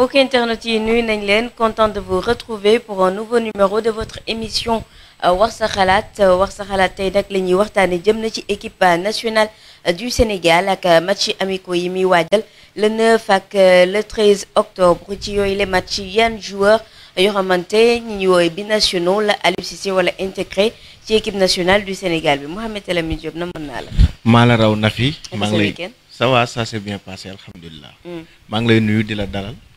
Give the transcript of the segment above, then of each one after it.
Bonjour internet yi sommes contents content de vous retrouver pour un nouveau numéro de votre émission euh, wax sa xalaat euh, wax sa xalaat tey équipe euh, nationale du Sénégal ak match amicaux yi Wadel, le 9 et le 13 octobre ci est les matchs, joueur a xamante ñi ñu bi nationaux la Aliou wala intégré ci équipe nationale du Sénégal bi Mouhamed El Amine na mën Je la. maa raw na ça va ça s'est bien passé Alhamdulillah. Je mm. ngi lay la dalal.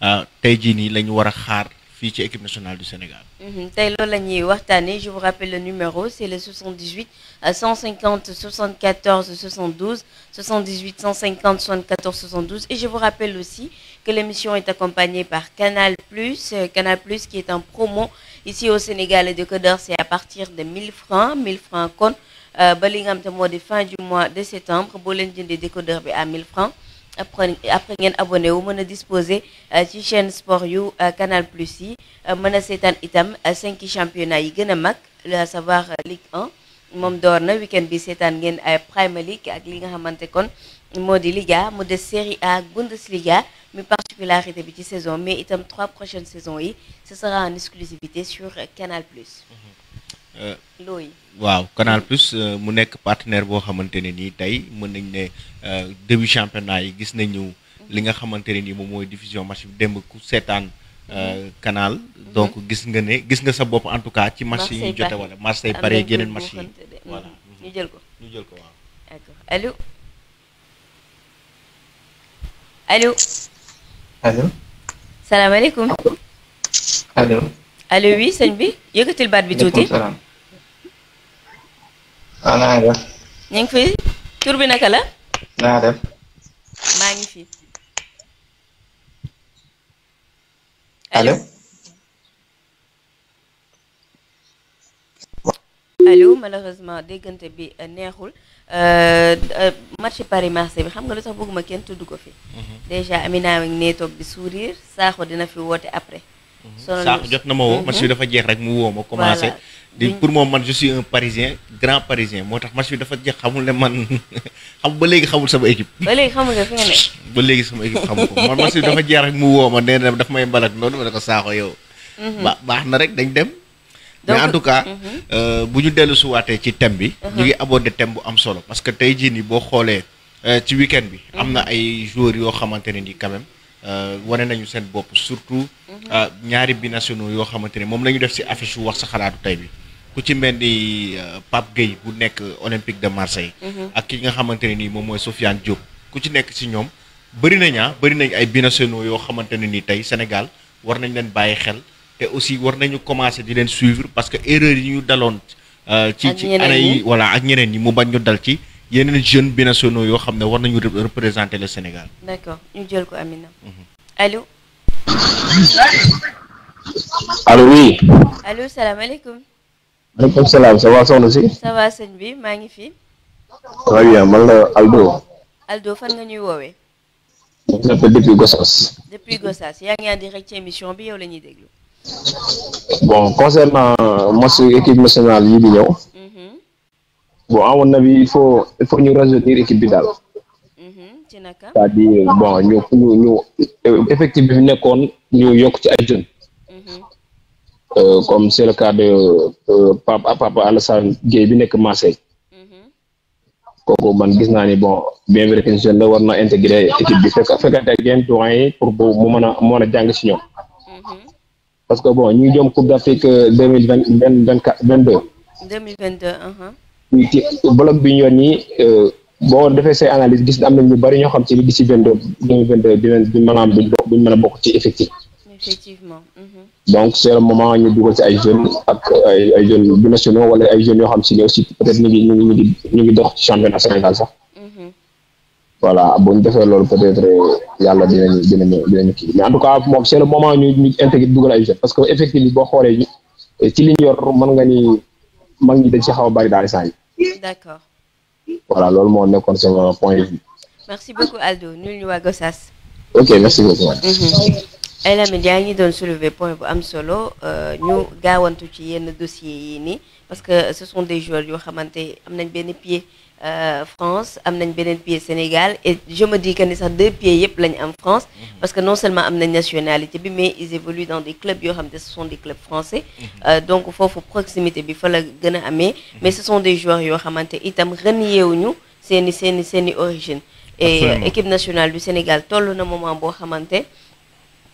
Taylor l'année ni la équipe nationale du Sénégal. Mhm. je vous rappelle le numéro c'est le 78 150 74 72 78 150 74 72 et je vous rappelle aussi que l'émission est accompagnée par Canal Plus euh, Canal Plus qui est en promo ici au Sénégal et de c'est à partir de 1000 francs 1000 francs compte, euh, ba li nga fin du mois de septembre Bollingham, des décodeur à 1000 francs après après ngeen abonné wu mën disposé disposer euh, ci chaîne sport You euh, Canal Plus yi euh, mën item seetaan itam championnats. championnat yi gën a mag à savoir Ligue 1 Mom door na week bi seetaan ngeen ay Premier League ak li nga xamanté kon moo Liga mu des Série A Bundesliga mi particularité bi ci saison mais itam trois prochaines saisons yi ce sera en exclusivité sur Canal Plus. Mhm. loy waaw Canal Plus euh, mu nekk partenaire boo xamante ne nii tey mën nañ ne euh, début championnat yi gis ñëw li nga xamante ne nii moom mooy division match bi démb ku seetaan euh, Canal donc mhm. gis nga ne gis nga sa bopp en tout cas ci match yi ñu jote wala Marseille pare yeneen match yi voilà mhm. ñu jël ko ñu jël ko waaw d'accord allo allo allo salaamaaleykum allo allo oui sëñ bi yëkkatil baat bi tuuti ah na nga def. ñu ngi fi tur bi naka la. na nga def. maa ngi fi. allo allo malheureusement déggante bi neexul marché Paris marché bi xam nga lu tax bëgguma kenn tudd ko fi. déjà Amina mi ngi nee toog di sourire saaxo dina fi woote après. saaxo jot na ma woo marché bi dafa jeex rek mu woo ma commencé. di pour moom man je suis un parisien grand parisien moo tax match bi dafa jeex xamul ne man xam ba léegi xamul sama équipe. ba léegi ba léegi sama équipe xamu ko man match bi dafa jeex ak mu woo ma nee daf may mbalak noonu ma ne ko yow. Mhm. baax na rek dañ dem. en tout cas. Mhm. Euh, bu ñu dellu suwaatee ci thème bi. Mhm. ñu ngi aborder thème bu am solo parce que tey jii nii boo xoolee euh, ci weekend bi. am na ay joueurs yoo xamante ne ni quand même. Euh, wane nañu seen bopp surtout. ñaari binationaux yoo xamante ne moom la ñu def si affiche wax sa xalaatu tey bi. ku ci mel ni euh, Pape Gueye bu nekk Olympique de Marseille. Mhm. ak ki nga xamante ne nii moom mooy Sofiane Diop ku ci nekk si ñoom bëri nañ ah bëri nañ ay binationaux yoo xamante ne nii tey Sénégal war nañ leen bàyyi xel te aussi war nañu commencé di leen suivre parce que erreur yi ñu daloon. Euh, ci ci année yi voilà ak ñeneen yi mu bañ ñu dal ci yeneen jeunes sono yoo xam ne war nañu représenter le Sénégal. d'accord ñu jël maaleykum salaam ça va soxna si. ça bi maa ngi fi. très bien man la Aldo. Aldo fan nga ñuy woowe on s'appelle depuis Gossas. depuis Gossas yaa ngi en direct ci émission bi yow lañuy ñuy déglu. bon concernant match équipe nationale yi di ñëw. Mhm. bon à mon avis il faut il faut ñu rajeunir équipe bi daal. Mhm, c'est-à-dire bon ñu ñu ñu effectif bi nekkoon ñu yokk ci ay jeunes. comme eh, c'est eh, le cas de papa papa Alassane Gueye bi nek Marseille mhm. kooku man gis ni bon bien vrai que jeune warna war na équipe bi fekk fekkante da yenn tourain yi pour bu mu mën a mën a jàng si ñoom mhm. parce que bon ñu jom coupe d'Afrique 2022 euh, 2022 vingt vingt bi ñu euh, gis am na ñu bari ñoo xam ci ci effectif. effectivement. Uh-huh. donc c' est le moment ñu dugal ci ay jeunes ak ay ay jeunes binationaux wala ay jeunes yoo xam si ne aussi peut être ñu ngi ñu ngi ñu ngi dox ci championnat Sénégal sax mhm. voilà bu ñu defee loolu peut être yàlla dinañu dinañu dinañu kii mais en tout moom c' est le moment ñu ñu intégrer dugal que effectif bi boo xoolee li ñu yor mën nga ni mag ñi dañ ci xaw a bari daal saa yi. d' loolu moo nekkoon sama point de vue. merci beaucoup Aldo ñu ñu waa Gossas. ok merci beaucoup. Mhm. Elle yaa ngi un soulever point pour am Nous euh, avons gawantou ci yenn dossiers yi parce que ce sont des joueurs qui ont am nañ benn pied euh, France am nañ pied Sénégal et je me dis que ont deux pieds en France mhm. parce que non seulement ils ont une nationalité mais ils évoluent dans des clubs ce sont des clubs français mhm. euh, donc faut proximité il faut la gagner. Mhm. mais ce sont des joueurs qui ont un itam reniewuñu nous, C'est une origine et l'équipe nationale du Sénégal tout na moment boo xamante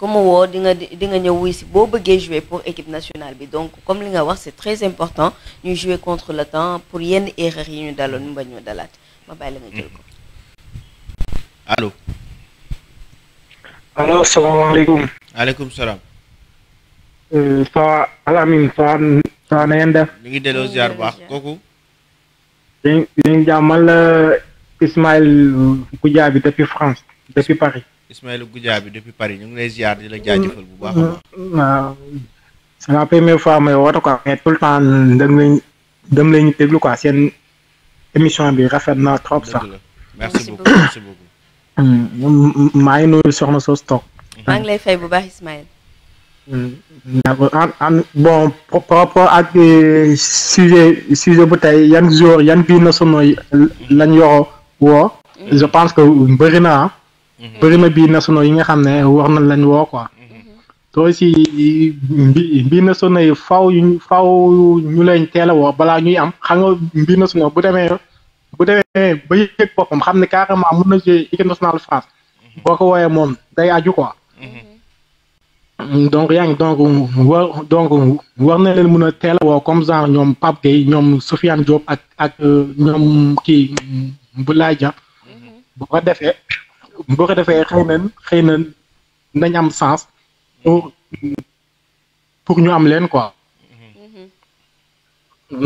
comme vous di jouer pour équipe nationale donc comme li nga c'est très important de jouer contre le temps pour yenn erreur yi ñu ñu ma la nga jël ko. Mm-hmm. Salut, Salam. Euh, ngi mm-hmm. euh, Ismaël depuis France depuis Paris. Ismaïla Goudiaby depuis Paris ñu ngi lay bu a baax. waaw c'est la première fois may woote quoi mais tout le temps dem lañ dem lañu déglu seen émission bi rafet na trop sax. merci beaucoup mm, maa ngi nuyu soxna Soos toog. maa ngi lay fay bu baax Ismaïla. d'accord mm, en en bon par rapport ak euh, sujet sujet bu tey yan jour yan bii nationaux lañ yoroo woo. Mm. je pense que bëri ah. Mhm. bëri na biir nationaux yi nga xam ne war nañ lañ woo ko mhm. te aussi bi biir nationaux yi faw ñu faw ñu leen teel a woo balaa ñuy am xam nga biir nationaux bu demee bu demee ba xam ne carrément mun na jouer équipe nationale France mhm. boo ko wooyee moom day aju quoi donc yaa ngi donc war donc war na leen mën a teel woo comme genre ñoom Pape Gueye ñoom Sofiane Diop ak ak euh, ñoom kii Boulaye Dia bu ko defee boo ko defee xëy na xëy na nañ am sens pour pour ñu am leen quoi. Mhm.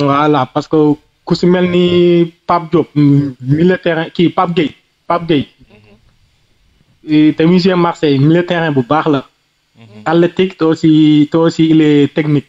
voilà parce que ku si mel ni Pape Diop militaire kii Pape Gueye Pape Gueye mhm. te musée Marseille militaire bu baax la. Mhm. athlétique te aussi te aussi il est technique.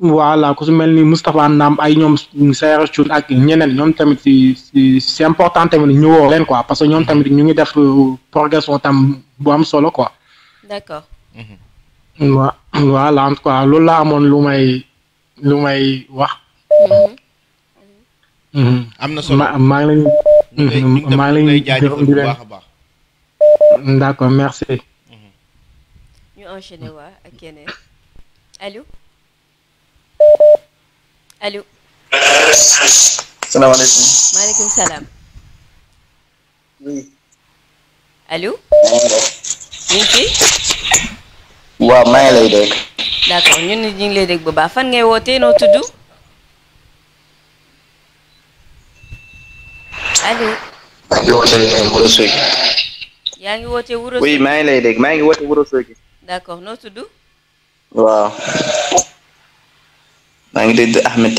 voilà ku su mel ni Moustapha Nam ay ñoom Sayer Thioune ak ñeneen ñoom tamit si si important tamit ñëwoo leen quoi parce que ñoom tamit ñu ngi def euh, progression tam bu am solo quoi. d'accord. Mm-hmm. wa voilà en loolu laa amoon lu may lu may wax. Mm-hmm. Mm-hmm. am na solo ma maa ngi leen. maa ngi leen gërëm di leen allo. salaamaaleykum. maaleykum salaam. allo. ñu waaw maa ngi lay dégg. d'accord ñun ñu ngi lay dégg bu baax fan ngay wootee noo tudd. allo. maa ngi wootee Wuro Sogi. yaa ngi wootee Wuro Sogi. oui maa ngi lay dégg maa ngi wootee Wuro Sogi. d'accord noo tudd. waaw. maa ngi tudd Ahmed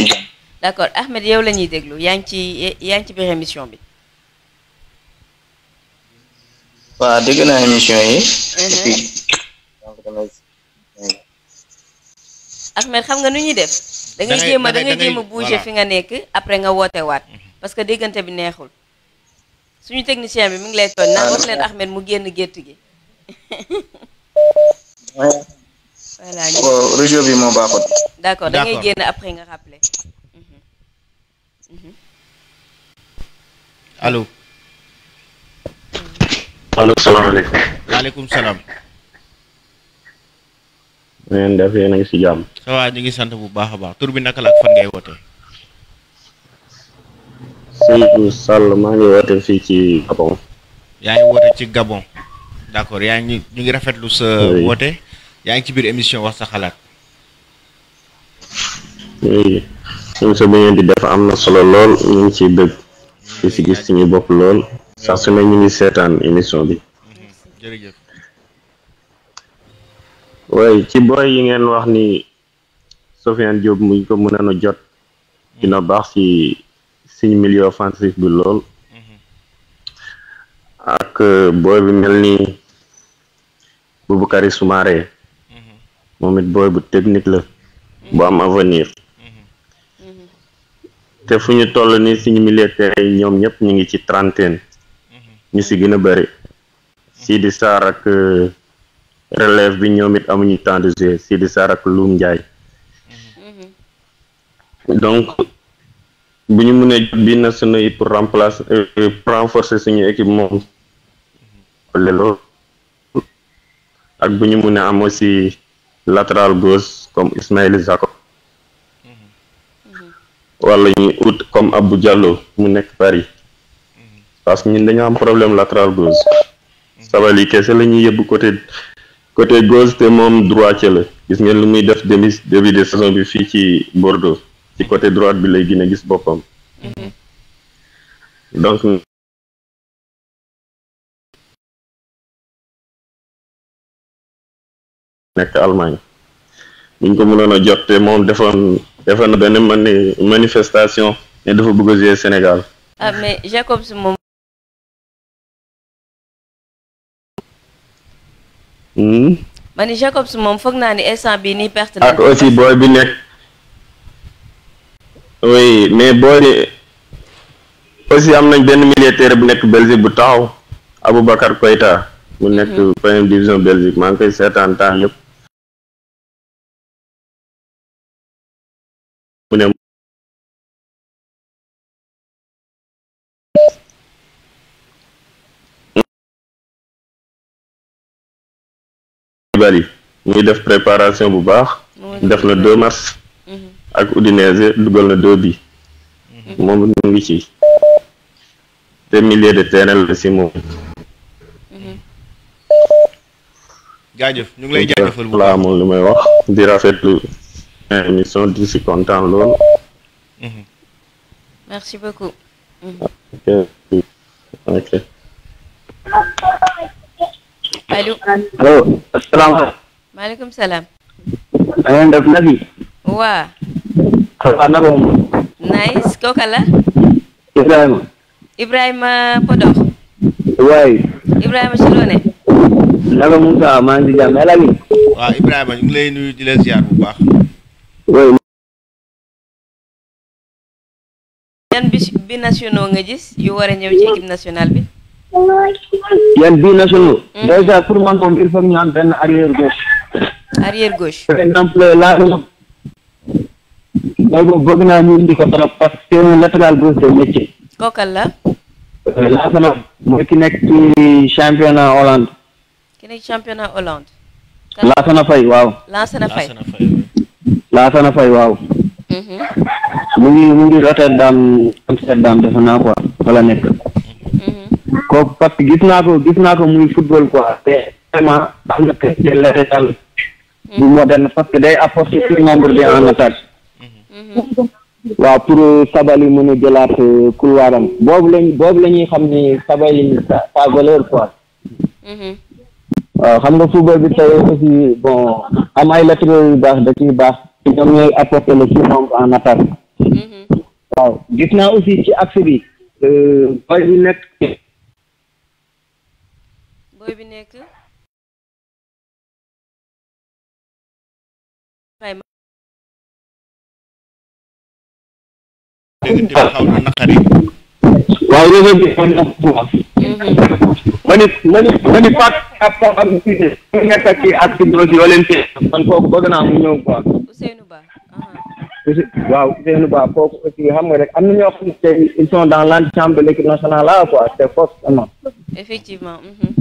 accord Ahmed yow la ñuy déglu yaa ngi ci yaa ngi ci biir émission bi. waaw dégg naa émission yi. Mhm. Ahmed xam nga nu ñuy def. da ngay jéem a da fi nga nekk après nga woote waat mhm. parce que déggante bi neexul. suñu technicien bi mu ngi lay tooñ naan wax leen Ahmed mu génn gétt gi. réseau bi moo baaxut. d' accord après nga rappelé. Mhm. Mhm. Mhm. allo. allo salaamaaleykum. maaleykum salaam. na ngeen ñu ngi bu baax baax tur bi naka ak fan ngay woote. Seydou Sall ngi ci Gabon. yaa ngi ci Gabon d' accord ñu ngi rafetlu sa yaa ngi ci biir émission wax sa Ñu émission bi ngeen di def amna solo lool ñu ci bëgg ci ci gis ci ñu bopp lool sax su ne ñu ngi sétane émission bi jërëjëf way ci boy yi ngeen wax ni Sofiane Diop mu ko mëna a jot dina bax ci suñu milieu offensif bi lool ak boy bi mel ni Boubakary Soumaré momit boy bu technique la bu am avenir te fuñu toll ni suñu militaire yi ñoom ñëpp ñu ngi ci trentaine ñu ci gëna bari bëri Sidi sar ak euh, relève bi ñomit amuñu temps de jeu Sidi sar ak lu ndjay donc buñu mëne bi national yi pour remplacer pour euh, renforcer suñu équipe mom lelo ak buñu mëne am aussi latéral gauche comme Ismaïl Jacob mhm. wala ñu ut comme Abou Diallo mu nekk Paris mhm. parce que ñun dañu am problème latéral gauche mhm. Sabaly kese la ñuy yëbb côté côté gauche te moom droitier la gis ngeen lu muy def demi début de saison bi fii ci Bordeaux ci côté droite bi lay gën a gis boppam donc nek Allemagne buñ ko mënon a jot te defon defoon na benn mani manifestation né dafa bëgg jé Sénégal. ah mais Jacobs moom. Hmm? ma ni Jacobs mom fogg na ni instant bi ni perte ak aussi boy bi nek oui mais boy bi aussi am nañ ben militaire bu nek Belgique bu taxaw Aboubacar Koïta mu nekk mhm. première division Belgique maa ngi koy seetaan temps yëpp. mu ne bari muy def préparation bu baax def na mars mm-hmm. ak Udinese dugal na deux bi mm-hmm. moom mu ngi ci te milieu de terrain la si moom mm-hmm. jaajëf ñu ngi lay jaajëfal moom li may wax di rafetlu émission eh, di si kontaan lool. Mhm. merci beaucoup. ok mhm. ok. allo. allo asalaamaaleykum. maaleykum salaam. na ngeen def Nafi. waa. waaw naka moom. nice kooka la. Ibrahima. Ibrahima Podor. waay. Ibrahima ci loo ne. naka Moussa maa ngi si Ibrahim, El Hadj. waaw Ibrahima ñu ngi lay nuyu di la ziar bu yan bi bi nga gis yu war a ñëw ci équipe bi. yan bi nationaux. Hmm. déjà pour man il faut ñu am benn arrière gauche. arrière gauche. par gauche de métier. kookal la. Euh, laa mooy ki nekk championnat Hollande. ki nekk championnat Hollande. Lansana Faye waaw. Lansana Faye. Laasana Faye waaw. Mm-hmm. mu ngi mu ngi Rotterdam Amsterdam defe naa quoi nekk. Mm-hmm. ko parce que gis naa ko gis naa ko muy football quoi am na que c'est latéral bu mm-hmm. moderne parce que day apporter sur nombre bi en attaque. waaw pour euh, Sabaly mën a jëlaat euh, couloiram boobu lañ boobu la ñuy xam ni Sabaly sa valeur quoi. waaw xam nga football bi tey aussi bon am ay latéraux baax da baax. ñoom ñooy apporter le surnombre en waaw gis naa aussi ci axe bi. boy bi nekk. man ni ma ni ma ni Fatou Abdou Abdou Cissé. nekk ci axe bi aussi yoo leen man kooku Ousseynou uh-huh. Ba. waaw Ousseynou Ba kooku aussi xam nga rek am na ñoo xam ne tey ils sont dans l'antichambre de l'équipe effectivement. Uh-huh.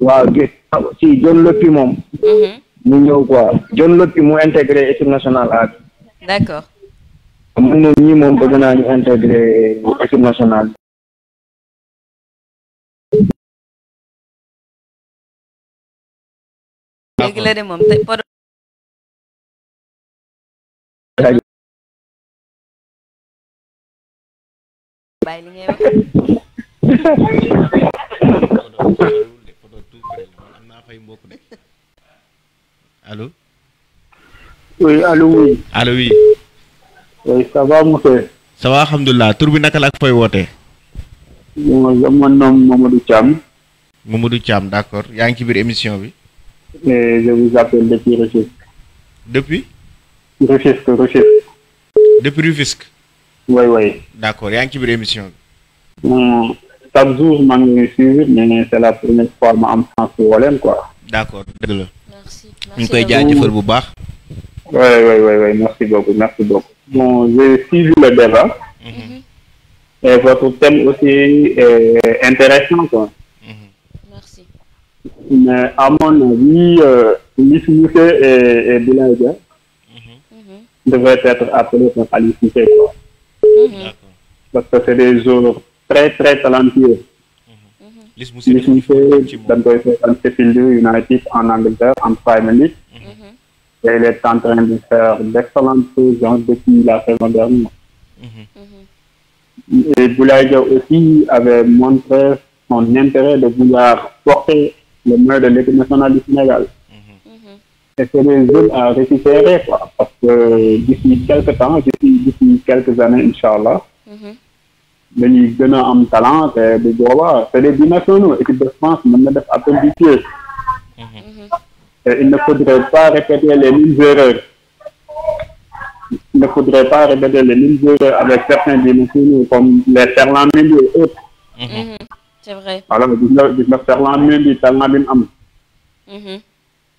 waaw gis aussi ah, John Lopy moom. Uh-huh. mu ñëw quoi John Lopy mu intégré équipe nationale A. d'accord. mën na ñii moom bëgg naa ñu intégré équipe nationale. léegi la de moom bàyyi li ngay wax. allo. oui allo oui. allo oui. oui ça va monsieur. ça bi naka la ak fooy wootee. mooy man noom Mamadou Thiam. Mamadou Thiam d'accord yaa ngi ci biir émission bi. je vous Oui, oui. d'accord Et en qui biir émission bi. chaque jour je ngi leen mais c'est la première fois ma am chance le leen quoi. d'accord Merci. Merci. merci Vous ngi koy jaajëfal bu oui oui oui oui merci beaucoup merci beaucoup. bon j'ai suivi le débat. Mm-hmm. et votre thème aussi est intéressant quoi. Mm-hmm. merci. mais à mon avis euh, Miss et et Bilal Mm-hmm. devraient être appelés par Alice quoi. Mhm. parce que c'est des joueurs très très talentueux. Mhm. United en Angleterre en mhm. et il est en train de faire d'excellentes choses hein, depuis la saison dernière. Et Boulaye aussi avait montré son intérêt de vouloir porter le mur de l'équipe nationale du Sénégal c'est des zones à récupérer, quoi. Parce que d'ici quelques temps, d'ici quelques années, Inch'Allah, mhm. le gën de am talent c'est des droits. c'est des binationaux Et de France nous, nous def un peu pied mhm. il ne faudrait pas répéter les mêmes erreurs il ne faudrait pas répéter les mêmes erreurs avec certains binationaux comme les Ferland Mendy et autres mhm. c'est vrai alors les nga de nga Ferland Mendy talent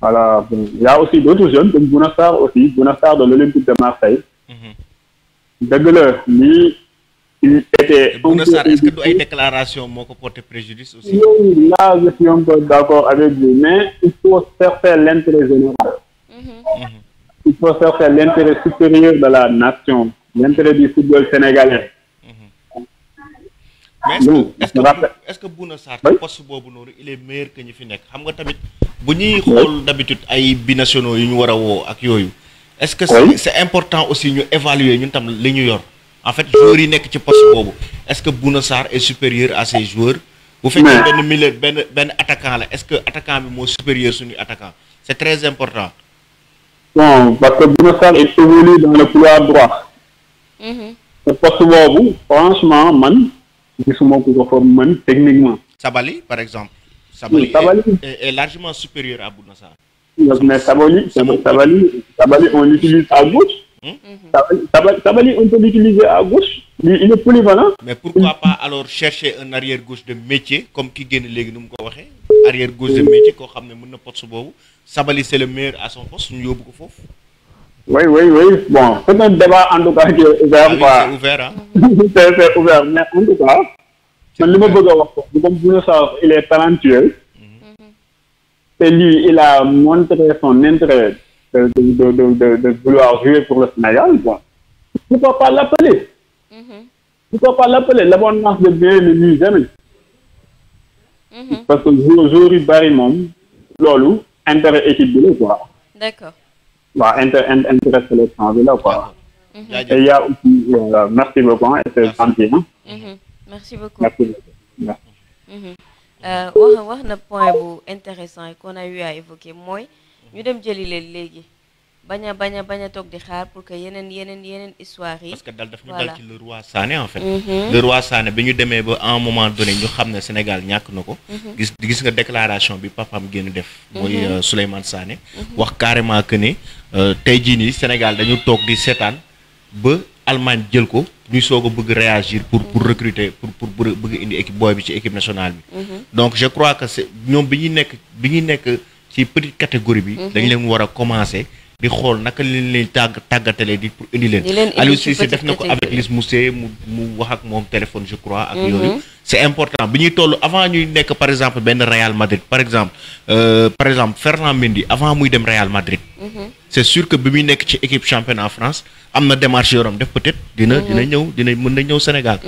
Voilà. Il y a aussi d'autres jeunes, comme Bounassar aussi, Bounassar de l'Olympique de Marseille. Mhm. Degueuleux, lui, il était. Bounassar, est-ce que tu as une déclaration pour porte préjudice aussi Oui, là, je suis un peu d'accord avec lui, mais il faut faire faire l'intérêt général. Mhm. Mhm. Il faut faire faire l'intérêt supérieur de la nation, l'intérêt du football sénégalais. mais est-ce que est-ce que Bouna boobu noonu il est meilleur que fi nekk xam nga tamit bu ñuy xool d'habitude ay binationaux yu ñu war a woo ak yooyu est-ce que c'est important aussi ñu évaluer ñun tam li ñu yor en fait joueurs yi nekk ci poste boobu est-ce que Bouna Sarr est supérieur à ces joueurs bu fekkee benn milieu benn benn attaquant la est-ce que attaquant bi moo supérieur suñu attaquant c'est très important bon parce que Bouna Sarr est évolué dans le couloir droit. Mm-hmm. gisuma ko techniquement. Sabali par exemple. Sabali est, largement supérieur à bounassa mais Sabali, Sabali, Sabali, on l'utilise à gauche. Hmm? Sabali, on peut l'utiliser à gauche. Il est polyvalent. Mais pourquoi pas alors chercher un arrière-gauche de métier, comme qui gagne les arrière-gauche de métier, qu'on ramène poste bobu Sabali, c'est le meilleur à son poste, oui, oui, oui. Bon, c'est un débat en tout cas qui est ouvert. Ah c'est ouvert, hein? c'est ouvert. Mais en tout cas, le que de veux comme vous le savez, il est talentueux. Mm-hmm. Et lui, il a montré son intérêt de, vouloir jouer pour le Sénégal. Quoi. Pourquoi pas l'appeler mm -hmm. Pourquoi pas l'appeler L'abondance de bien ne lui jamais. Mm-hmm. Parce que aujourd'hui, jour, il barre mon, intérêt équipe de D'accord waaw bah, inter intéressé les gens bi la quoi. Mhm. et y' a aussi euh, merci beaucoup hein, c'est gentil hein. Mhm. merci beaucoup merci beaucoup. Mhm. Euh, wax wax un point intéressant qu'on a eu à évoquer Moi, mooy ñu dem jëli leen léegi. bañ a bañ a a toog di xaar pour que yeneen yeneen yeneen histoire yi. parce que dal daf ñu dal ci le roi Sané en fait. Mm-hmm. le roi Sané bi ñu demee ba un moment donné ñu xam ne Sénégal ñàkk na ko. Mm-hmm. gis gis nga déclaration bi papam génn def. mooy mm-hmm. euh, Souleymane Sané. wax carrément que ne euh, tey jii nii Sénégal dañu toog di seetaan ba Allemagne jël ko ñuy soog a bëgg réagir pour pour recruter pour pour bëgg indi équipe booy bi ci équipe nationale bi. donc je crois que ñoom bi ñuy nekk bi ñuy nekk ci petite catégorie bi. dañ leen war a commencer. di xol naka li leen tàgg tàggatalee di pour indi leen Aliou Cissé def nako avec les Mousset mu wax ak mom téléphone je crois ak mhm. yooyu c'est important biñuy tollu toll avant ñuy nek par exemple ben Real Madrid par exemple euh, par exemple Fernand Mendy avant muy dem Real Madrid mhm. c'est sûr que bi muy nekk ci équipe championnat France amna démarche yoram def peut-être dina mhm. dina ñëw dina mën na Sénégal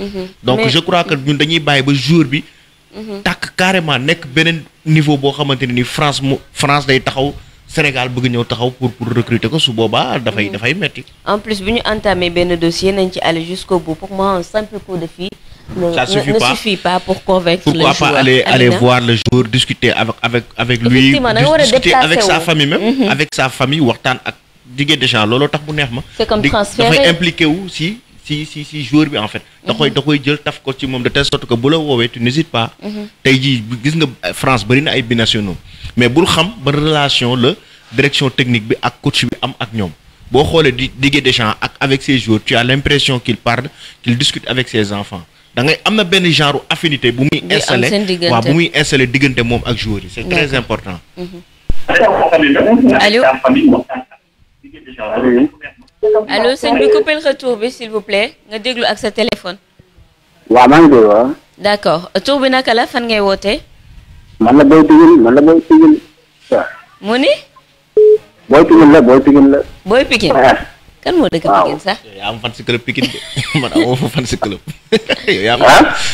donc je crois que ñun dañuy bàyyi ba jour bi tak carrément nek benen niveau bo xamanteni ni France mu France day taxaw Sénégal bëgg ñëw taxaw pour pour recruter ko su boobaa dafay mm. dafay metti en plus bu ñu entamé benn dossier nañ ci aller jusqu'au bout pour moi un simple coup de fil ne, suffit ne, pas. ne suffit pas pour convaincre Pourquoi le joueur. Pourquoi pas aller, aller hein. voir le joueur, discuter avec, avec, avec lui, discuter avec sa famille même, mm -hmm. avec sa famille, waxtaan ak digé déjà lolo tax bu neex ma. C'est comme transfert. Dafay impliqué wu si si si si joueur bi en fait. da koy mm-hmm. da koy jël taf ko ci moom de telle sorte que bu la woowee tu n'hésites pas. Mm-hmm. tey jii gis nga France bëri na ay binationaux mais bul xam ban relation le direction technique bi ak coach bi am ak ñom bo xolé di Didier Deschamps ak avec ses joueurs tu as l'impression qu'il parle qu'il discute avec ses enfants da ngay am na benn genre affinité bu muy installé wa bu muy installé diggante mom ak joueurs c'est très important mm-hmm. allô allo sëñ bi couper le retour bi s'il vous plaît nga déglu ak sa téléphone wa maa ngi déglu d'accord tur bi naka fan ngay woté? man la booy Pikine man la booy Pikine mu ni. booy Pikine la booy Pikine la. booy Pikine.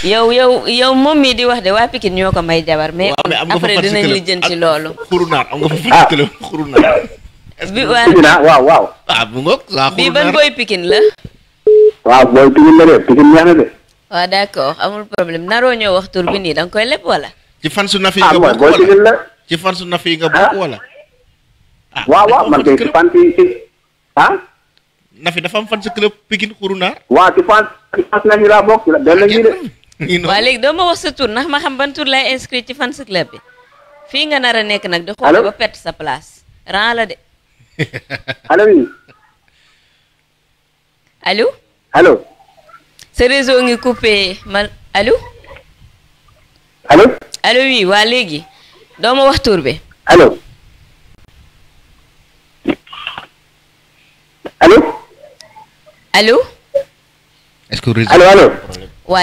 yow yow moom mii di wax de waa Pikine ñoo ko may jabar. mais après dinañ lijjanti loolu. xurunaar am nga fa fan ah. si la. Ah, ah, booy Pikine la waaw d'accord amul problème naroo ñoo wax tur bi nii da nga koy leb wala. ci ah, ah, fan su nafi nga bokk wala ci fan su nafi nga bokk wala wa wa man kay ci fan ci ah nafi dafa am fan ci club pikine kuruna wa ci fan ci fan nafi la bokk la benn ñi le wa leg do ma wax sa tour nak ma xam ban tour lay inscrit ci fan sa club bi fi nga nara nek nak nag xol ba pet sa place ran la de allo wi allo allo ce réseau ngi coupé man allo allo alo oui waa léegi doomu ma bi alo allo alo est-ce que allo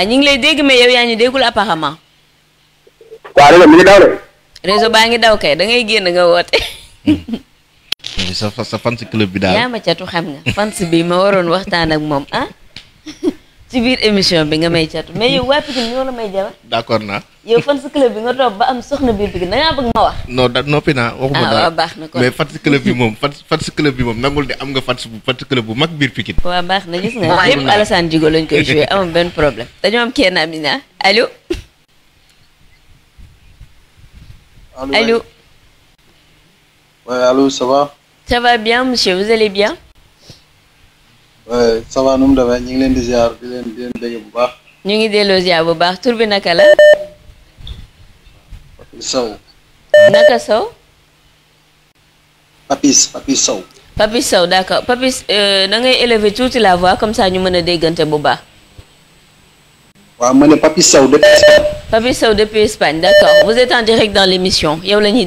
ñu ngi lay dégg ma yow yaa ñu déggul apparemment waaw réseau baa ngi daw kay da ngay génn nga woote sa sa fans club bi daal yaa ma catu xam nga fans bi ma waroon waxtaan ak moom ah ci biir émission bi nga may mais yow waa Pikine ñoo la may yow fan club bi nga toog ba am soxna biir Pikine da ngaa bëgg ma wax non da noppi naa waxuma ah, baax na kon mais fan bu mag biir Pikine baax na gis nga yëpp Alassane lañ koy joué amul benn problème dañoo am Amina allo allo allo ça va ça va bien monsieur vous allez bien Oui, ça va nous nous leen di ziar di leen di la. Papis Papis Papis d'accord Papis euh, nous ngay élever toute la voix comme ça nous mën déggante bu baax. Papis depuis Espagne. Papis depuis Espagne d'accord vous êtes en direct dans l'émission yow la ñuy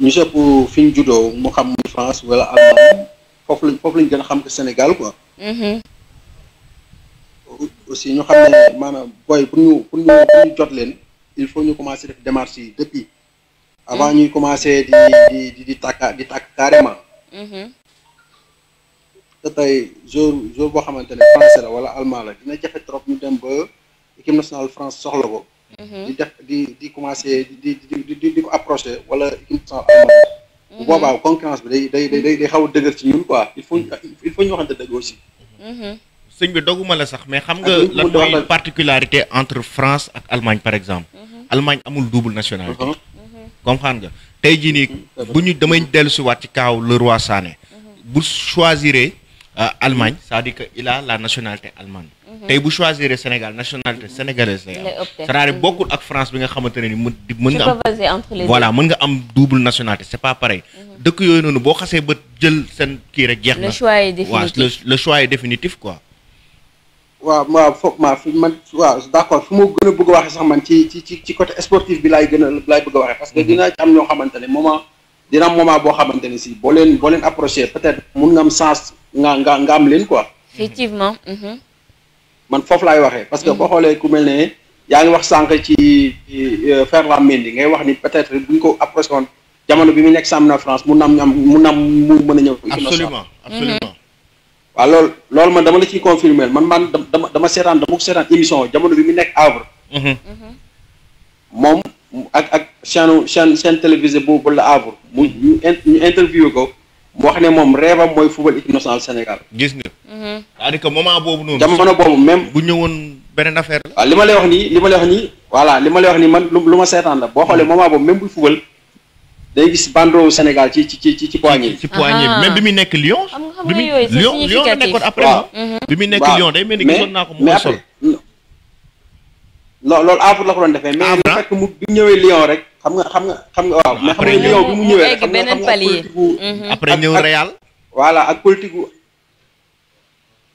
ñu sëpp fi ñu juddoo mu xam muy France wala Allemagne fofu lañ fofu lañ gëna xam que Sénégal quoi. hmm aussi ñu xam ne maanaam boy bu ñu bu ñu pour ñu jot leen il faut ñu commencer def démarche yi depuis avant mm-hmm. ñuy commencer di di di di tàkk di tàkk carrément. Mm-hmm. te tey jour jour boo xamante ne français la wala allemand la dina jafe trop ñu dem ba équipe nationale France soxla ko. Mm-hmm. di def di di commencé di di di di ko approché wala équipe mm-hmm. concurrence bi day day day day xaw a dëgër ci ñun quoi il faut il faut ñu waxante dëgg mm-hmm. sëñ bi doguma la sax mais xam nga ah, lan mooy particularité entre France ak Allemagne par exemple. Allemagne amul double nationalité. Uh-huh. comprendre nga tey jii nii bu ñu damay dellusiwaat ci kaaw Leroy Sané bu choisiré Euh, Allemagne c'est-à-dire la nationalité allemande. Mhm. tey bu choisir Sénégal nationalité sénégalaise lay am. bokkul ak France bi nga xamante ne ni mën mën nga am voilà nga am double nationalité c'est pas pareil. Mhm. dëkk yooyu noonu boo xasee ba jël seen kii rek jeex na. le choix est définitif le choix est définitif quoi. waaw waaw foog maa fi man waaw d'accord fu mu gën a bëgg a waxee sax man ci ci ci côté sportif bi laay gën a laay bëgg a waxee parce que mhm. dina ci am ñoo xamante ne moment dina am boo xamante ne si boo leen boo leen approché peut-être mun nga am sens. nga nga nga am leen quoi. effectivement. Mhm. man foofu laay waxee. parce que boo mhm. xoolee ku mel ne yaa ngi wax sànq ci euh, Ferland Mendy ngay wax ni peut-être bu ñu ko approché woon jamono bi mu nekk sàmm na France mun am mun na am mën a ñëw. absolument absolument. Mhm. waaw loolu loolu dama la ciy confirmer man man dama dama dama ko seetaan émission jamono bi mu nekk Havre. moom ak ak chaîne chaîne télévisée boobu la Havre. mu ñu ko. mu wax ne moom reebam mooy football équipe nationale Sénégal. gis nga. Mhm. c'est-à-dire que moment boobu noonu. jamono boobu même. bu ñëwoon beneen affaire la. waaw li ma lay wax nii li ma lay wax nii voilà li ma lay wax nii man lu ma seetaan la boo xoolee mhm. moment boobu même buy football day gis banderole Sénégal ci ci ci ci ci poignet bi même bi muy nekk Lyon. xam nga yooyu c'est significatif bi muy Lyon Lyon la nekkoon après. bi muy nekk Lyon day mel ni gisoon naa ko mu sol. loo loolu Apour la ko doon defee. mais bu ah. fekk mu ñëwee Lyon rek. xam nga xam nga xam nga waaw. mais xam nga mu ñëwee rek xam nga xam nga politique mhm. après ñëw voilà ak politique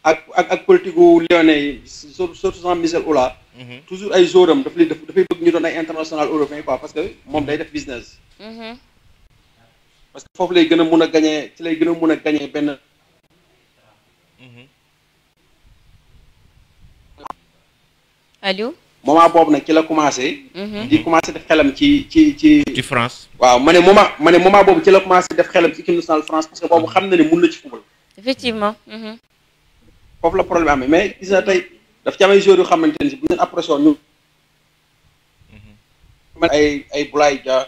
ak ak ak politique gu lyonnais yi surtout sans Michel Oula. Mhm. toujours ay joueurs am daf lay dafay bëgg ñu doon ay international européen quoi que moom day def business. Mhm. parce que foofu lay gën a mun a gagné ci lay gën a mun a gagné benn. allo. moment boobu nag ci la commencé. Mhm. di commencé def xelam ci ci ci. ci France. waaw ma ne moment ma ne moment boobu ci la commencé def xelam ci équipe nationale France parce que boobu xam na ne mun na ci football. effectivement. Mhm. foofu la problème amee mais gis na tey daf ci am ay joueurs yu xamante ne si bu ñu leen approché woon ñu. Mhm. ay ay Boulaye Dia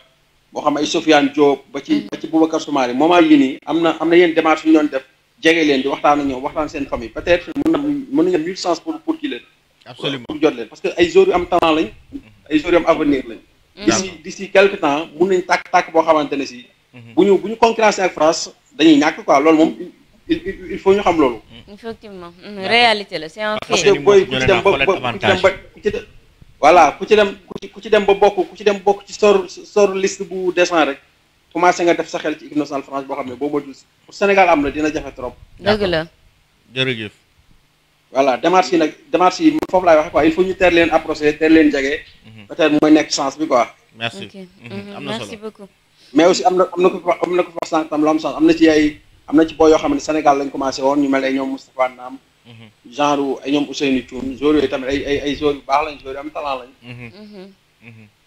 moo xam ay Sofiane Diop. ba ci ba ci Boubacar Soumaré moment nii am na am na yenn démarche yu doon def jege leen di waxtaan ak ñoom waxtaan absolument pour jot leen parce que ay joueurs yu am talent lañ. ay joueurs yu am avenir lañ. Mm-hmm. d'ici d'ici quelque temps mun nañ tàkk tàkk boo xamante ne si. Mm-hmm. bu ñu bu ñu concurrencer ak France dañuy ñàkk quoi loolu moom il faut ñu xam loolu. Mm-hmm. effectivement réalité la c'est un fait. booy ku ci dem ba bokk ku ci dem bokk ci sor sor liste bu descend rek commencé nga def sa xel ci équipe nationale France boo xam ne boo moytuwul pour Sénégal am na dina jafe trop. dëgg la voilà démarche yi nag démarche yi foofu laay waxee quoi il faut ñu teel leen approché teel leen jege. Mhm. peut-être mooy nekk sens bi quoi. Mhm. Mhm. mais aussi am na ko fa am na ko commencé woon ñu mel ñoom Moustapha Naam. genre ay ñoom Ousseynou Thioune joueurs yooyu tamit ay ay baax lañ joueurs am talent lañ.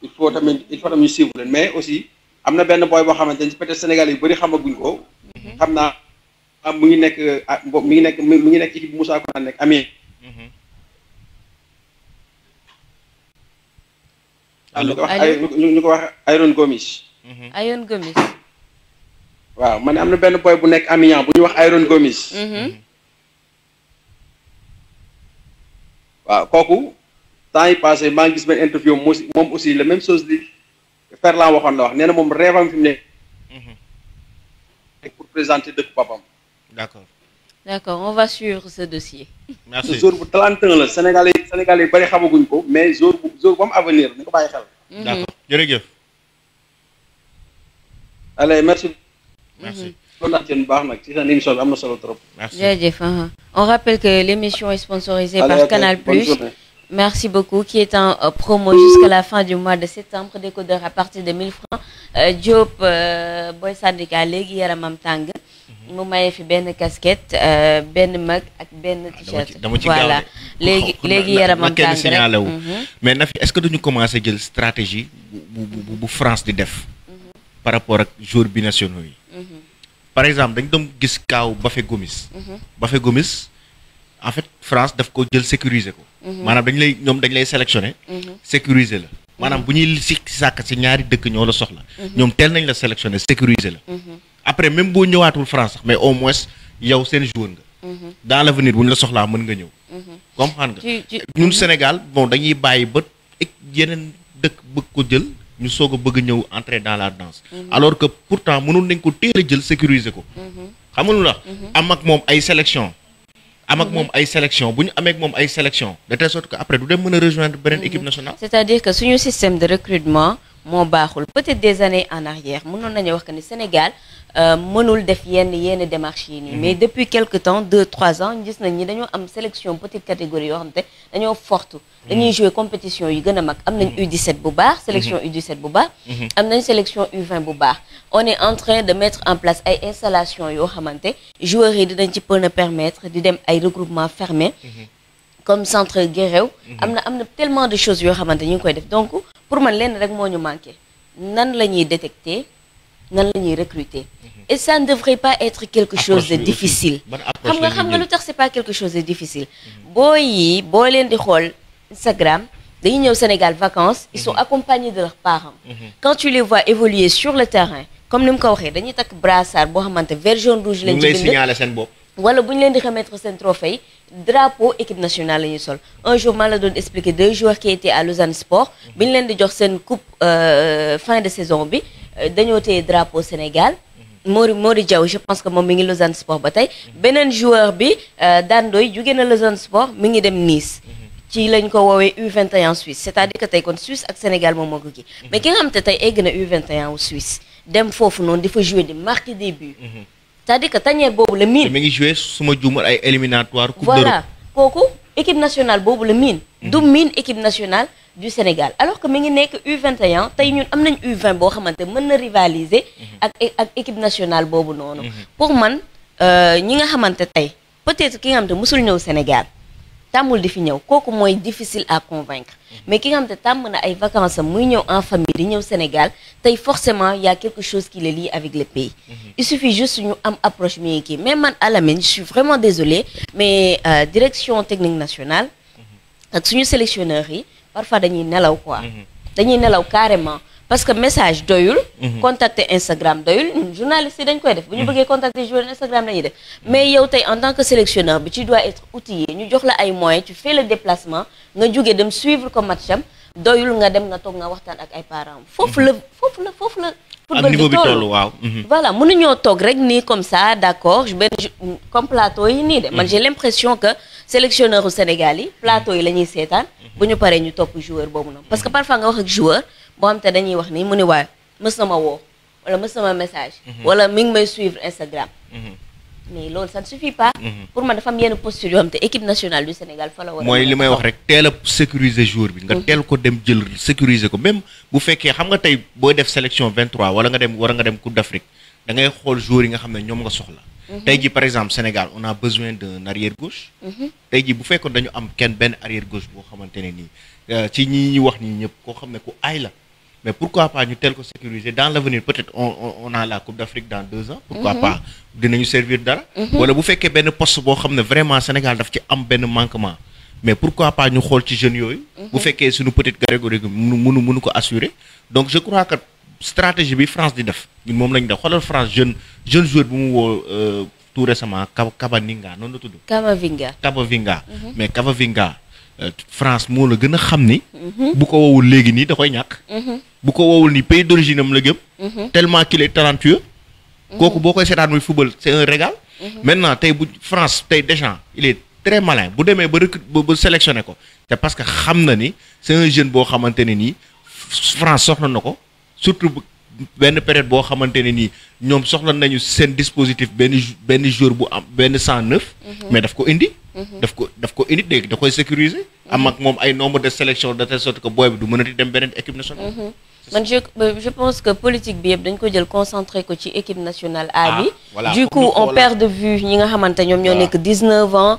il faut tamit il faut tamit ñu suivre leen mais aussi am na benn booy boo xamante ne peut-être Sénégal yu bëri xamaguñ ko. xam naa am ah, mu ngi nekk ah, mi ngi nekk mi ngi nekk ci équipe Moussa Konaté nekk Amiens. Mhm. allo ah, ñu ko wax Iron Gomis. Iron mhm. Gomis. waaw man am na benn boy bu nekk Amiens bu ñuy wax Iron Gomis. Mhm. waaw kooku temps yi passé maa ngi gis benn interview moom aussi le même chose di Ferland waxoon la wax nee na moom rêve am fi mu ne. présenter dëkk boppam. D'accord. D'accord, on va suivre ce dossier. Merci. jour bu 31 la Sénégal Sénégalais, Sénégal yi bari xamaguñ ko mais jour jour bu am avenir ni ko bàyyi xel. Mhm. D'accord jërëjëf. allez merci. merci. Mhm. Merci. Ah. On rappelle que l'émission est sponsorisée par Canal Merci beaucoup, qui est en euh, promo jusqu'à la fin du mois de septembre. Décodeur à partir de 1000 francs. Euh, Diop, euh, Boy Sandika, Légui, Yaramam Tang mu maye fi benn casquette euh, benn mag ak benn ah, t-shirt voilà léegi léegi yaramam tàng rek mhm. mais Nafi est-ce que duñu commencé jël stratégie bu bu bu France di def mhm. par rapport ak joueurs binationaux yi mhm. par exemple dañ doon gis kaw bafe Gomis bafe Gomis en fait France daf ko jël sécuriser ko maanaam dañ lay ñoom dañ lay sélectionner sécuriser la maanaam bu ñuy si sàkk si ñaari dëkk ñoo la soxla ñoom teel nañ la sélectionner sécuriser la après même boo en France mais au moins yow seen joueur nga. Mhm. dans l'avenir, avenir bu ñu la soxlaa mën nga mhm. comprendre nga ñun mhm. Sénégal bon dañuy bàyyi ba yeneen dëkk bëgg ko jël ñu soog a bëgg ñëw entrer dans la danse. alors que pourtant nous nañ ko teel a jël sécuriser ko. savez, nous avons la am ak moom ay sélection am ak moom ay sélection bu ñu ak sélection de telle sorte que après du dem mën rejoindre équipe nationale. c'est-à-dire que suñu système de recrutement. Mon barul peut-être des années en arrière on nañu wax que le Sénégal euh, mënul def yenn yenn démarches mm-hmm. mais depuis quelques temps deux trois ans nous nañ ni am sélection petite catégorie catégories xamanté avons forte. dañuy mm-hmm. jouer compétition nous avons a am mm-hmm. U17 bu baax. sélection U17 bu baax. am sélection U20 bu on est en train de mettre en place une installation Yo xamanté joueurs yi nous ci pour permettre de dem ay regroupement fermé comme centre Guéréo am na tellement de choses yo xamanteni ñu koy def donc pour man lenn rek moo ñu manqué nan lañuy détecter nan lañuy recruter mhm. et ça ne devrait pas être quelque chose de difficile xam nga xam nga lu c'est pas quelque chose de difficile mhm. boo bo len Instagram, di xol Instagram dañuy ñëw Sénégal vacances ils sont mhm. accompagnés de leurs parents quand tu les vois évoluer sur le terrain comme ni ko waxé dañuy tak brassard bo xamanté vert jaune rouge lañ ci voilà, bu ñu di remettre trophée drapeau équipe nationale la sol un jour maa expliqué expliquer deux joueurs qui étaient à Lausanne Sport bi ñu leen di jox coupe euh, fin de saison bi euh, dañoo téye drapeau Sénégal Mori Diaw je pense que moom mi ngi Lausanne Sport batay benen joueur bi euh, Dandoy jóge na Lausanne Sport mi ngi dem Nice ci lañ ko wowe U21 Suisse c'est-à-dire que tay kon Suisse ak Sénégal mom moko ko mais ki nga xam te tey egg U21 Suisse dem fofu non, di fa jouer di marquer des buts c'est-à-dire que tañeer boobu la miin. mi ngi joué suma juumul ay éliminatoire coupe d'Europe voilà koku équipe nationale bobu le mine mhm. du mine équipe nationale du Sénégal alors que mi ngi U21 tay ñun am U20 bo xamanté mëna rivaliser. Mhm. ak ak équipe nationale bobu noonu. Mhm. pour man euh, ñi nga xamanté tay peut-être ki nga xamanté musul ñew Sénégal tamul difi koku moy difficile à convaincre mhm. mais quand on a tam ay vacances muy en famille au Sénégal forcément forcément y a quelque chose qui les lie avec le pays mhm. il suffit juste ñu am approche mi ki mais man Alamine je suis vraiment désolé mais euh, direction technique nationale mhm. ak suñu sélectionneurs yi parfois dañuy nelaw quoi dañuy nelaw carrément parce que message doyul. Mhm. contacter Instagram doyul journaliste yi dañ koy def. buñu mhm. bëggé contacter joueur Instagram lañuy def. mais yow tay en tant que sélectionneur bi tu dois être outillé ñu jox la ay moyens tu fais le déplacement nga jóge dem suivre comme matcham doyul nga dem nga tok nga waxtaan ak ay parents fofu mhm. la fofu la fofu la. football bi toll waaw. voilà mënuñoo tok rek ni comme ça d'accord. je ben comme plateau yi ni de. man j'ai l'impression que sélectionneur au Sénégal yi plateau yi lañuy sétane buñu paré ñu top ñu topp joueur boobu parce que parfois nga wax ak joueur. boo xam te wax ni mu ni waaye mës na ma woo na ma message mhm. wala mi ngi may suivre Instagram mhm. mais loolu ça ne suffit pas mhm. pour man dafa am yenn posture yoo xam te équipe nationale mooy li may wax rek teel sécuriser jour bi nga teel ko dem jël sécuriser ko même bu fekkee xam nga tey booy def sélection 23 wala nga dem war nga dem Coupe d'Afrique da ngay xool jour yi nga xam ne ñoom nga soxla tey jii par exemple Sénégal on a besoin d'un arrière gauche tey ji bu fekkoon dañu am kenn benn arrière gauche boo xamante ne nii euh, ci ñi wax nii ñëpp koo xam ne ku aay la mais pourquoi pas nous tel ko sécuriser dans l'avenir peut-être on on a la Coupe d'Afrique dans deux ans. pourquoi mhm. pas de nous servir dara. Mhm. wala bu fekkee ben poste boo xam vraiment Sénégal daf ci am ben manquement. mais pourquoi pas ñu xool ci jeunes faites mhm. bu fekkee suñu petite catégorie mënu mënu nous ko assurer. donc je crois que stratégie bi France di def ñun mom lañu def xolal France jeune jeune joueur bu mu euh, tout récemment Kaba Ninga noonu la tudd. Kaba Vinga Kaba Vinga. mais Kaba Vinga. Euh, France mo la gëna a beaucoup bu ko wawul légui ni da koy ñak bu ko wawul ni pays d'origine am la gëm. tellement qu'il est talentueux. kooku boo koy seetaan muy football c'est un régal. maintenant tay bu France tay déjà il est très malin bu démé ba sélectionner ba ko. c'est parce que xamna ni c'est un jeune bo xamante ni France soxna nako surtout benn période boo xamante ne nii ñoom soxla nañu seen dispositif benn benn jour bu am benn cent neuf. Mhm. mais daf ko indi. Mhm. daf ko daf ko indi dégg da koy sécuriser. Mhm. am ak moom ay nombre de sélection de telle sorte que booy bi du mënati dem beneen équipe nationale. man je euh, je pense que politique bi yëpp dañ ko jël concentré ko ci équipe nationale A bi. Ah, du coup on perd de vue ñi nga xamante ñoom ñoo nekk 19 ans.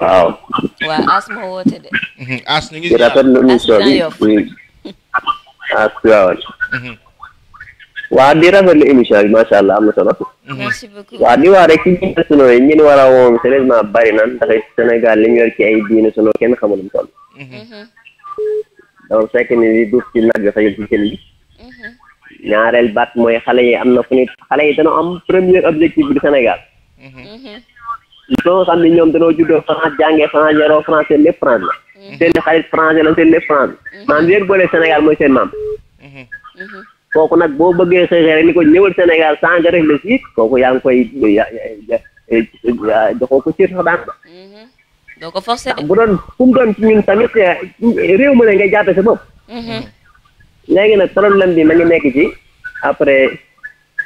waaw. waaw As moo woote de. Mhm, as ñu mhm. di rafetlu émission bi macha am na solo. Mhm. merci beaucoup di wax rek ci diine sunu yi ñu war a woon sérieusement bari nan ndax Sénégal li ñu yor ci ay diine sunu kenn xamul mu toll. donc fekk ni li duuf ci nag dafa yëg ci cën bi. ñaareel baat mooy xale yi am na fu ñuy xale yi dana am premier objectif du Sénégal. no xamni ñom dañoo juddoo France jàngee France yaroo France seen lépp France la mhm. seen xarit France la seen lépp France mhm. maam yéeg boole Sénégal mooy seen maam mhm. kooku nag boo bëggee xëy xëy ni ko ñëwal Sénégal sans nga def le siit kooku yaa ngi koy joxoo ya, ya, ya, ko cir sax daan doo ko forcé bu doon fu mu doon ci ñun tamit eh, réew ma ne ngay jàppe sa bopp léegi nag problème bi ma ngi nekk ci après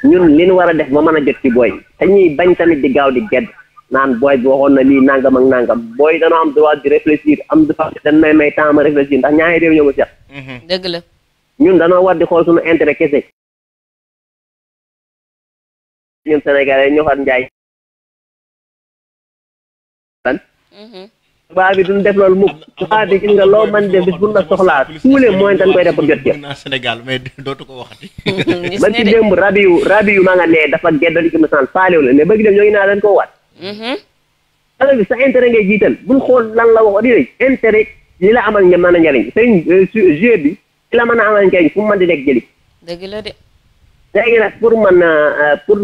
ñun li ñu war a def ba mën a jot ci booy te ñuy bañ tamit di gaaw di gedd naan booy bi waxoon na lii nangam ak nangam booy yi dañoo am droit di réfléchir am droit may may temps ma ndax ñaari réew ñoo ma seq. Mhm. dëgg la ñun dañoo war di xool suñu intérêt kese. ñun Sénégalais ñu xar njaay. tubaab bi duñ def loolu mukk tubaab bi gis nga loo mën def bis bu la soxlaa tous les moyens dañ koy def ba jot ci Sénégal mais dootu ko waxati man mhm. ci démb rabi yu rabi yu ma nga nee dafa geddal équipe nationale faalewu la mais bëgg dem ñoo ngi naa dañ Mm-hmm. alal bi sa intérêt ngay jiital bul xool lan la wax di intérêt li la amal mën a njariñ euh, seen jeu bi li la mën a amal njariñ fu mu mën di nekk jëli. dëgg la de. léegi nag pour man euh, pour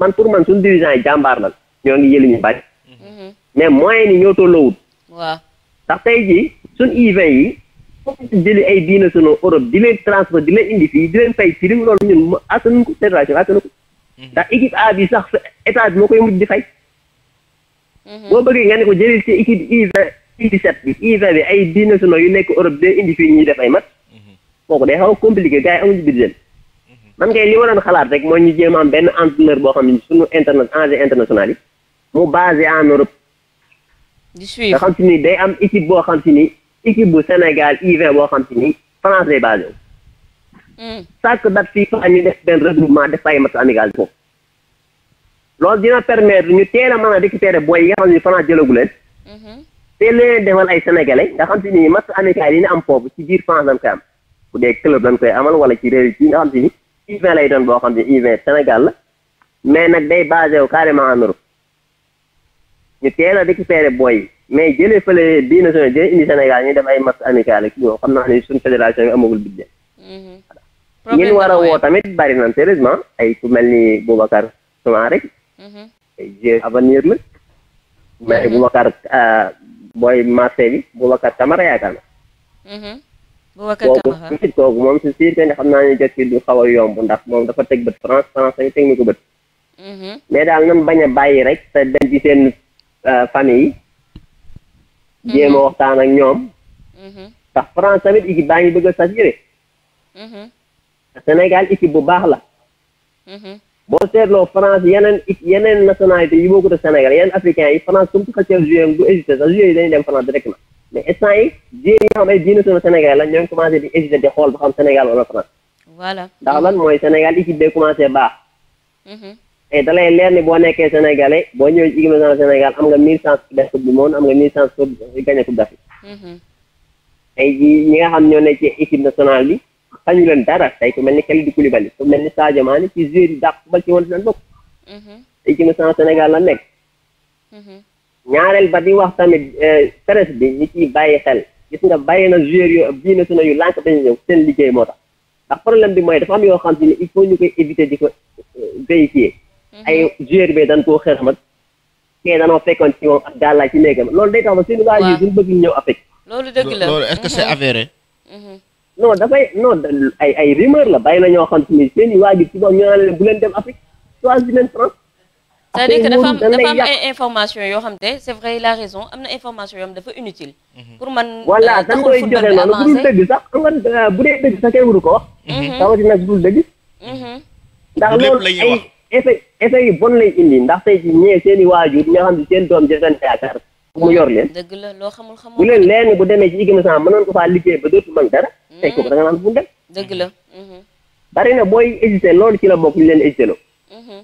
man pour man suñu yi jàmbaar la ñoo ngi jëli ñu bari. Mm-hmm. mais moyens yi ñoo tolloowut. waaw ndax tey jii suñu u yi. foofu jëli ay diina sunu Europe di leen transport di leen indi fii di leen fay prime loolu ñun mu attanuñ ko fédération attanuñ ko. Mm-hmm. ndax équipe A bi sax état bi koy mujj di fay. Mhm. boo bëggee nga ne ko jëlil ci équipe U20 U17 bi u bi ay dix nationaux yu nekk Europe day indi fii ñuy def ay mat mhm. kooku day xaw a compliqué gars yi amuñu budget mhm. man kay li ma xalaat rek mooy ñu jéem benn entraîneur boo xam ne suñu interna enjeu international yi mu basé en Europe. di suivre nga xam si ni day am équipe boo xam si ni équipe bu Sénégal u boo xam si ni France lay basé wu. sàkk dat fii fa ñu def benn regroupement def ay match amical foofu. loolu dina permettre ñu teel a mën a récupérer booy yi nga xam ne Franc jëlagu leen. Mhm. teel leen defal ay sénégalais nga xam te nii match amical yi ñu am foofu ci biir France lañ koy am bu dee club lañ koy amal wala ci réew yi nga xam te ni U20 lay doon boo xam ne U20 Sénégal la mais nag day basé wu carrément en Europe ñu teel a récupérer booy yi mais jëlee fële bii national jëlee indi Sénégal ñu def ay match amical ak xam naa ne suñ fédération bi amagul budget. Mhm. ñin war a woo tamit bari na sérieusement ay ku mel ni rek. j'ai avenir la mais Boubacar booy marché bi Boubacar Camara yaakaar na Boubacar Camara kooku kooku moom mom siir kenn xam naa ne jot ci du xaw a yomb ndax moom dafa teg bët France France tamit teg ñu ko bët mais daal nan bañ a bàyyi rek te dem ci seen famille yi jéem a waxtaan ak ñoom ndax France tamit équipe baa ngi bëgg a saturé Sénégal équipe bu baax la boo seetloo France yeneen yeneen nationalité yi bokkut ak Sénégal yeneen africain yi France comme que xëccëg joué du hésité sax joué yi dañuy dem France nga xam di hésité di xool ba xam Sénégal wala France. voilà mm-hmm. boo nekkee sénégalais boo ñëwee ci équipe nationale am nga mille chance pour def coupe du monde am nga mille chance pour gagner coupe d'Afrique. Mm-hmm. ñi nga xam ñoo nekk ci équipe nationale bi. xañu leen dara tey mel ni Kalidou Koulibaly ku mel ni Sadio Mané ci joueurs yi dàq bal ci woon si leen bokk mhm. tey mhm. ñaareel ba di wax tamit euh, presse bi ñi ciy xel gis nga bàyyi na joueurs bii na yu lànk dañu seen liggéey moo tax ndax problème bi mooy dafa am yoo xam si ne ñu koy éviter di ko euh, véhiculer mhm. ay joueurs bi dañ koo xërmat kee danoo fekkoon ci moom ak gàllaay ci néegam loolu day tax ba seen waa yi duñ bëgg ñëw affecté loolu dëgg la loolu est-ce que c'est avéré non dafay non ay ay rumeur la bàyyi na ñoo xam te ni seen i waajur ci boppam ñu naan leen bu leen dem Afrique choisir leen France. c'est-à-dire que dafa am information yoo xam te c'est vrai il raison am na information yoo xam dafa inutile. Mhm. pour man voilà euh, da nga koy joxe noonu bu dul dëgg sax xam nga euh, bu dee dëgg sax kenn waru ko wax. Mhm. rawatina bu dul dëgg. Mhm. ndax loolu ay effet effet yu bon lay indi ndax tey ci ñee seen i waajur ñoo xam ne seen doom jëfandikoo yaakaar. mu yor leen dëgg la loo xamul xamul bu leen leen bu demee ci jigéen sax mënoon ko faa liggéey ba dootu mën dara tey hmm. kooku da nga naan bu dem dëgg la hmm. bari na booy hésité loolu ci la bokk ñu leen hésité loo hmm.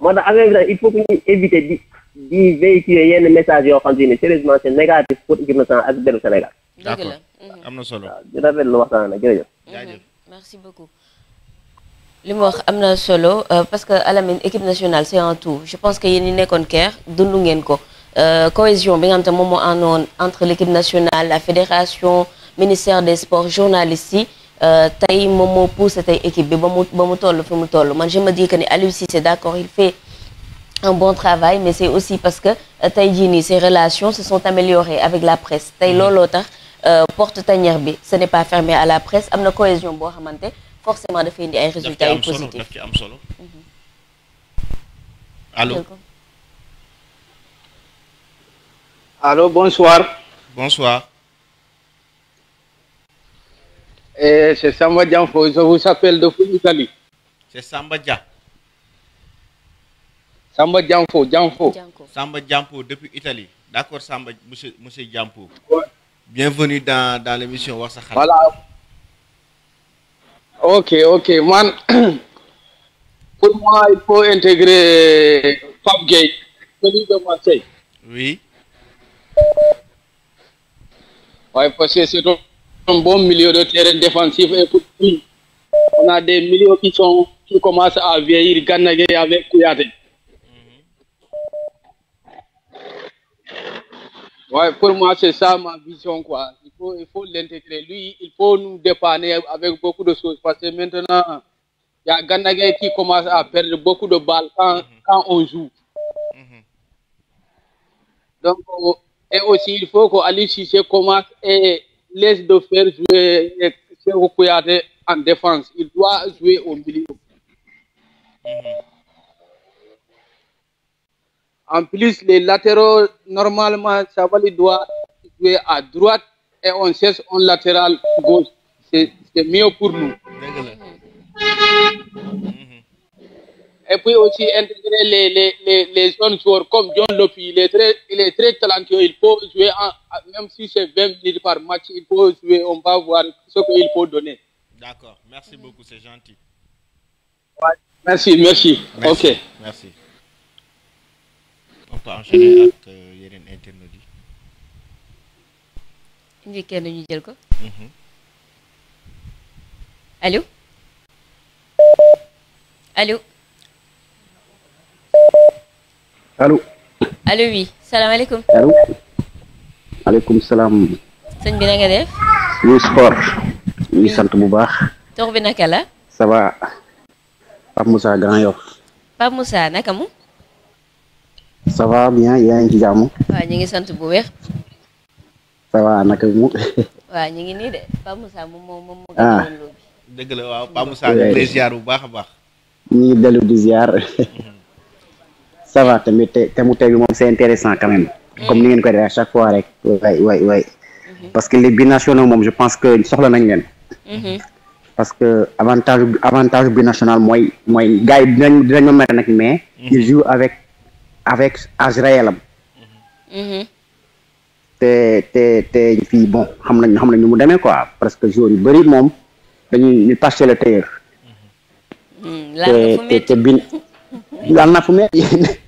moo tax affaire bi sax il faut que ñu éviter di di véhiculer yenn message yoo xam si ne sérieusement c'est négatif pour équipe nationale ak dellu Sénégal dëgg la am na solo waaw di rafetlu waxtaan nag jërëjëf jaajëf merci beaucoup li mu wax am na solo euh, parce que Alamine équipe nationale c'est en tout je pense que yéen ñi nekkoon keer dund ngeen ko euh, cohésion bi nga entre l'équipe nationale la fédération ministère des sports journalistes ici. Euh, tey moom moo pour équipe bi bon je me dis que ni Aliou c'est d'accord il fait un bon travail mais c'est aussi parce que euh, Taïdini, ses relations se sont améliorées avec la presse taylor mm-hmm. lolo porte tanière bi ce n'est pas fermé à la presse am cohésion forcément de indi ay résultats Allô, bonsoir. Bonsoir. Eh, c'est Samba Dianfo, je vous appelle depuis l'Italie. C'est Samba Dia. Samba Dianfo, Dianfo. Samba Dianfo, depuis Italie. D'accord, Samba, monsieur, monsieur Dianfo. Bienvenue dans, dans l'émission Voilà. Ok, ok. man. pour moi, il faut intégrer Fab celui de Marseille. Oui. Oui, parce que c'est un bon milieu de terrain défensif. on a des milieux qui, sont, qui commencent à vieillir, Ganagé avec Kouyaté. ouais, pour moi, c'est ça ma vision. Quoi. Il faut l'intégrer. Il faut lui, il faut nous dépanner avec beaucoup de choses. Parce que maintenant, il y a Ganagé qui commence à perdre beaucoup de balles quand, quand on joue. Mhm. Donc, et aussi, il faut qu'Ali Sissé commence et laisse de faire jouer en défense. Il doit jouer au milieu. Mhm. En plus, les latéraux, normalement, les doit jouer à droite et on cherche un latéral gauche. C'est mieux pour nous et puis aussi intégrer les, les, les, les jeunes joueurs comme John Lopi. Il est très, il est très talentueux, il peut jouer, même si c'est 20 minutes par match, il peut jouer, on va voir ce qu'il peut donner. D'accord, merci mhm. beaucoup, c'est gentil. Merci, merci, merci. Ok. Merci. On peut enchaîner mm. avec euh, Yérén internet yi. indi de mhm. Allô? Allô allo. allo oui salaamaaleykum. allo. maaleykum salaam. sëñ bi na nga def. oui sport. ñu sant bu baax. tox bi naka la. ça va. Pape Moussa Grand Yoff. Pape Moussa naka mu. ça va bien yaa ngi ci jàmm. waaw ñu ngi sant bu wér. ça va naka mu. waaw ñu ngi nii de Pape Moussa moom moom moom. ah dëgg la waaw Pape Moussa ñu ngi lay ziar bu baax a baax. ñu ngi dellu di ziar. Mhm. ça va tamit te te mu tegu moom c'est intéressant quand même comme ni ngeen koy defee à chaque fois avec ouais ouais ouais parce que les binationaux moom je pense que soxla nañ leen mhm. parce que avantage avantage binational mooy mooy gars yi dinañ dinañ ma mere mais mhm. il joue avec avec âge réel am mhm. te te te fii bon xam nañ xam nañ mu demee quoi parce que joueurs yu bëri moom dañuy ñu passé le tailleur te te bien laal na fu metti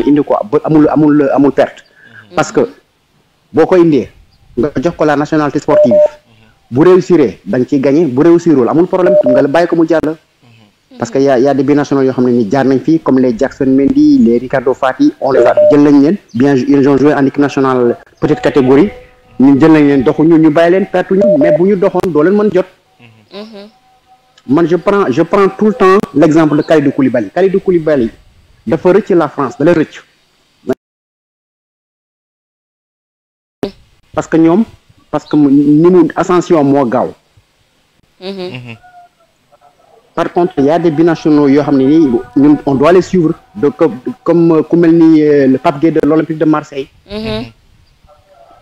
indi ko amul amul amul perte mhm. parce que boko indé nga jox ko la nationalité sportive mhm. bu réussiré da ci gagner bu réussirul amul problème nga baye ko mu jàll mhm. parce que y' a y' a des binationaux yo xamné ni jaar nañ fi comme les Jackson Mendy les Ricardo Fati on les a jël nañ len bien ils ont joué en équipe nationale petite catégorie ñu jël nañ len doxu ñu ñu bàyyi leen ñu mais bu ñu doxoon do leen mën jot man je prends je prends tout le temps l'exemple de Kalidou Koulibaly Kalidou Koulibaly dafa rëcc la France da lay parce que nous, parce que ni mu ascension moo gaaw mm-hmm. par contre il y a des binationaux yoo xam on doit les suivre comme euh, euh, le Pape gay de l'Olympique de Marseille mm-hmm.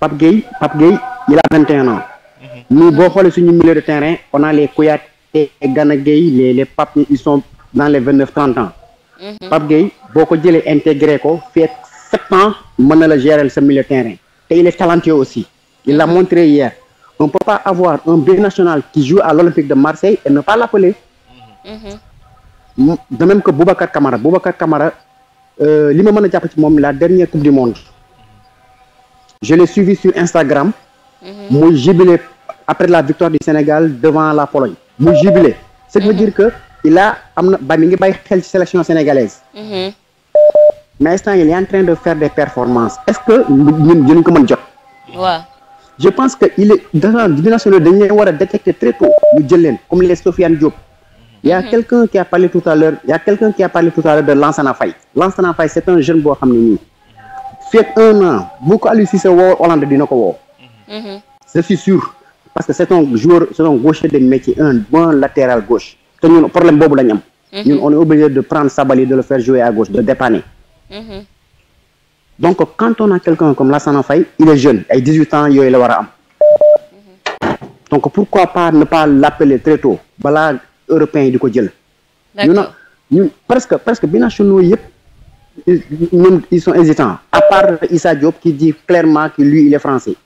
Pape gay, Pape gay, il a 21 ans mm-hmm. nous boo xoolee suñu milieu de terrain on a les Kouyaté et Ganagay les les ils sont dans les 29-30 ans Mm-hmm. Pape Gueye beaucoup de jëlee intégré ko fait sept ans mën le gérer milieu terrain Et il est talentueux aussi il l'a mm-hmm. montré hier on ne peut pas avoir un national qui joue à l'Olympique de Marseille et ne pas l'appeler mm-hmm. de même que Boubacar Kamara Boubacar Kamara euh, il ma la dernière coupe du monde je l'ai suivi sur Instagram l'ai jubilé après la victoire du Sénégal devant la Pologne l'ai jubilé ça veut dire que il a amené ba mi ngi sélection sénégalaise. Mhm. mais il est en train de faire des performances est-ce que nous dinañ ko faire jot. je pense que il est dans la nationaux de leen a détecter très tôt ñu comme les Sofiane Diop. il y a mhm. quelqu'un qui a parlé tout à l'heure il y a quelqu'un qui a parlé tout à l'heure de Lansana Faye. Lansana Faye c'est un jeune boo xam ne fait un an à lui si c'est woo Hollande de ko mhm. je suis sûr parce que c'est un joueur c'est un gaucher de métier un bon latéral gauche. Mhm. on est obligé de prendre sa et de le faire jouer à gauche de dépanner. Mhm. donc quand on a quelqu'un comme Lassana Faye il est jeune Il a 18 ans il est le donc pourquoi ne pas l'appeler très tôt balade européen du di parce jël. d'accord presque presque ils sont hésitants à part Issa Diop qui dit clairement que lui il est français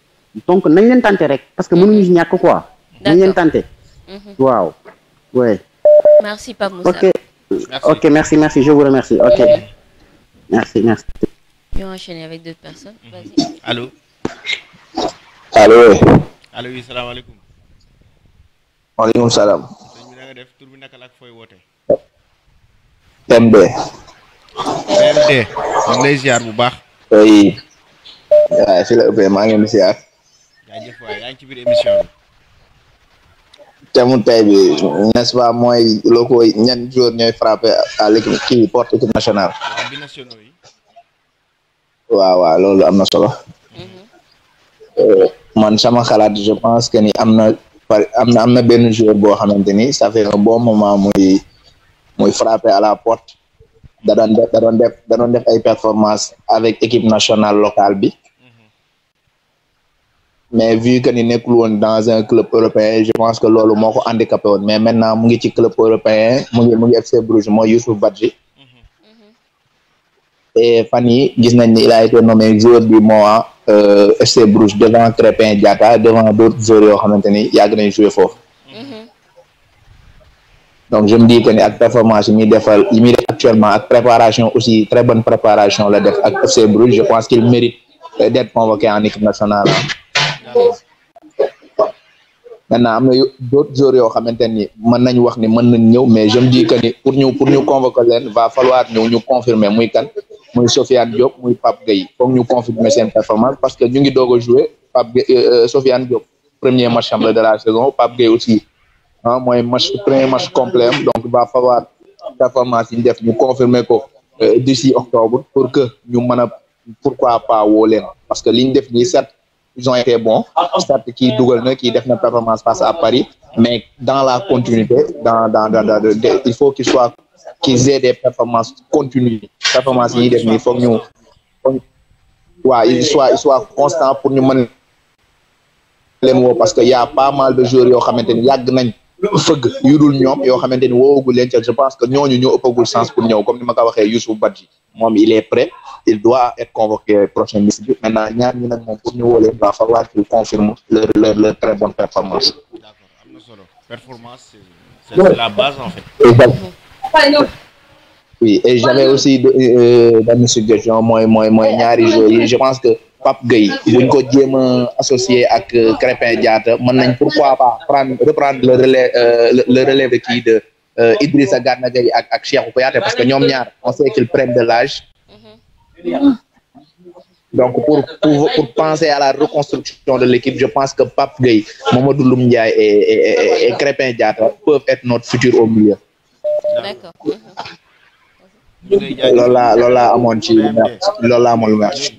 donc nañ pas tenter rek parce que mhm. mënuñu si ñàkk quoi. nañ leen tenter. waaw ouais. Merci, pas ok, merci, merci, je vous remercie. Ok. Merci, merci. Je vais enchaîner avec d'autres personnes. y mhm. Allô Allô Allô, oui, salam alaikum. salam. thème tey bi n'est-ce pas mooy loo ko ñan ñooy frappé à l'équipe kii porte équipe nationale waaw loolu am na solo mhm. euh, man sama xalaat je pense que ni am na par am na am na benn joueur boo xamante ni ça fait un bon moment muy muy frappé à la porte da doon def da def ay performance avec équipe nationale locale bi mais vu que est sommes dans un club européen je pense que loolu moo ko handicapé mais maintenant mu dans ci club européen mu ngi FC Bruges mooy Youssouf Badji mhm. et fan Et Fanny, nañ il a été nommé joueur du mois euh, FC Bruges devant Crépin Diatta devant d'autres joueurs Il a a yàgg jouer joué mhm. donc je me dis que a une performance il defal actuellement une préparation aussi très bonne préparation la def FC Bruges je pense qu'il mérite euh, d'être convoqué en équipe nationale maintenant am a d'autres joueurs où xamante ni mën nañ wax ni nañ mais je me dis que pour nous pour nous convoquer il va falloir nous nous confirmer muy kan muy Sofiane Diop muy Pape Gueye pour nous confirmer cette performance parce que nous ngi joué jouer Pape euh, euh, Sofiane Diop premier match de la saison Pape Gueye aussi Hein, match premier match complet donc va falloir performance nous confirmer ko euh, d'ici octobre pour que nous pourquoi pas parce que li est def ils ont été bons. cest qu'il Google na qui def na performance face à Paris mais dans la continuité il faut qu'ils aient des performances continues performances yi def il soit il pour nous, mener les mots parce qu'il y a pas mal de joueurs qui ont été fëgg yu dul ñoom yoo xamante ni woowagul leen je pense que ñooñu ñoo ëppagul sens pour ñëw comme ni ma ko waxee Youssouf Badji moom il est prêt il doit être convoqué prochain bis bi maintenant ñaar ñi nag moom pour ñu woo leen va falloir qu'il confirme leur leur leur très bonne performance. d'accord am na solo performance c'est la base en fait. oui et j'avais aussi benn euh, suggestion mooy mooy mooy ñaari joueurs yi je pense que. pap gay buñ ko jema a associé ak Crépin Diatta mën nañ pourquoi pas prendre reprendre le relais eh, le, le relais de qui de eh, Idrissa Gana Gay ak ak Cheikh Kouyaté parce que ñom ñaar on sait qu'ils prennent de l'âge donc pour, pour, pour penser à la reconstruction de l'équipe je pense que pap gay Mamadou Loum Ndiaye et, et, et, et Crépin Diatta peuvent être notre futur au milieu d'accord lola lola amon ci lola amon match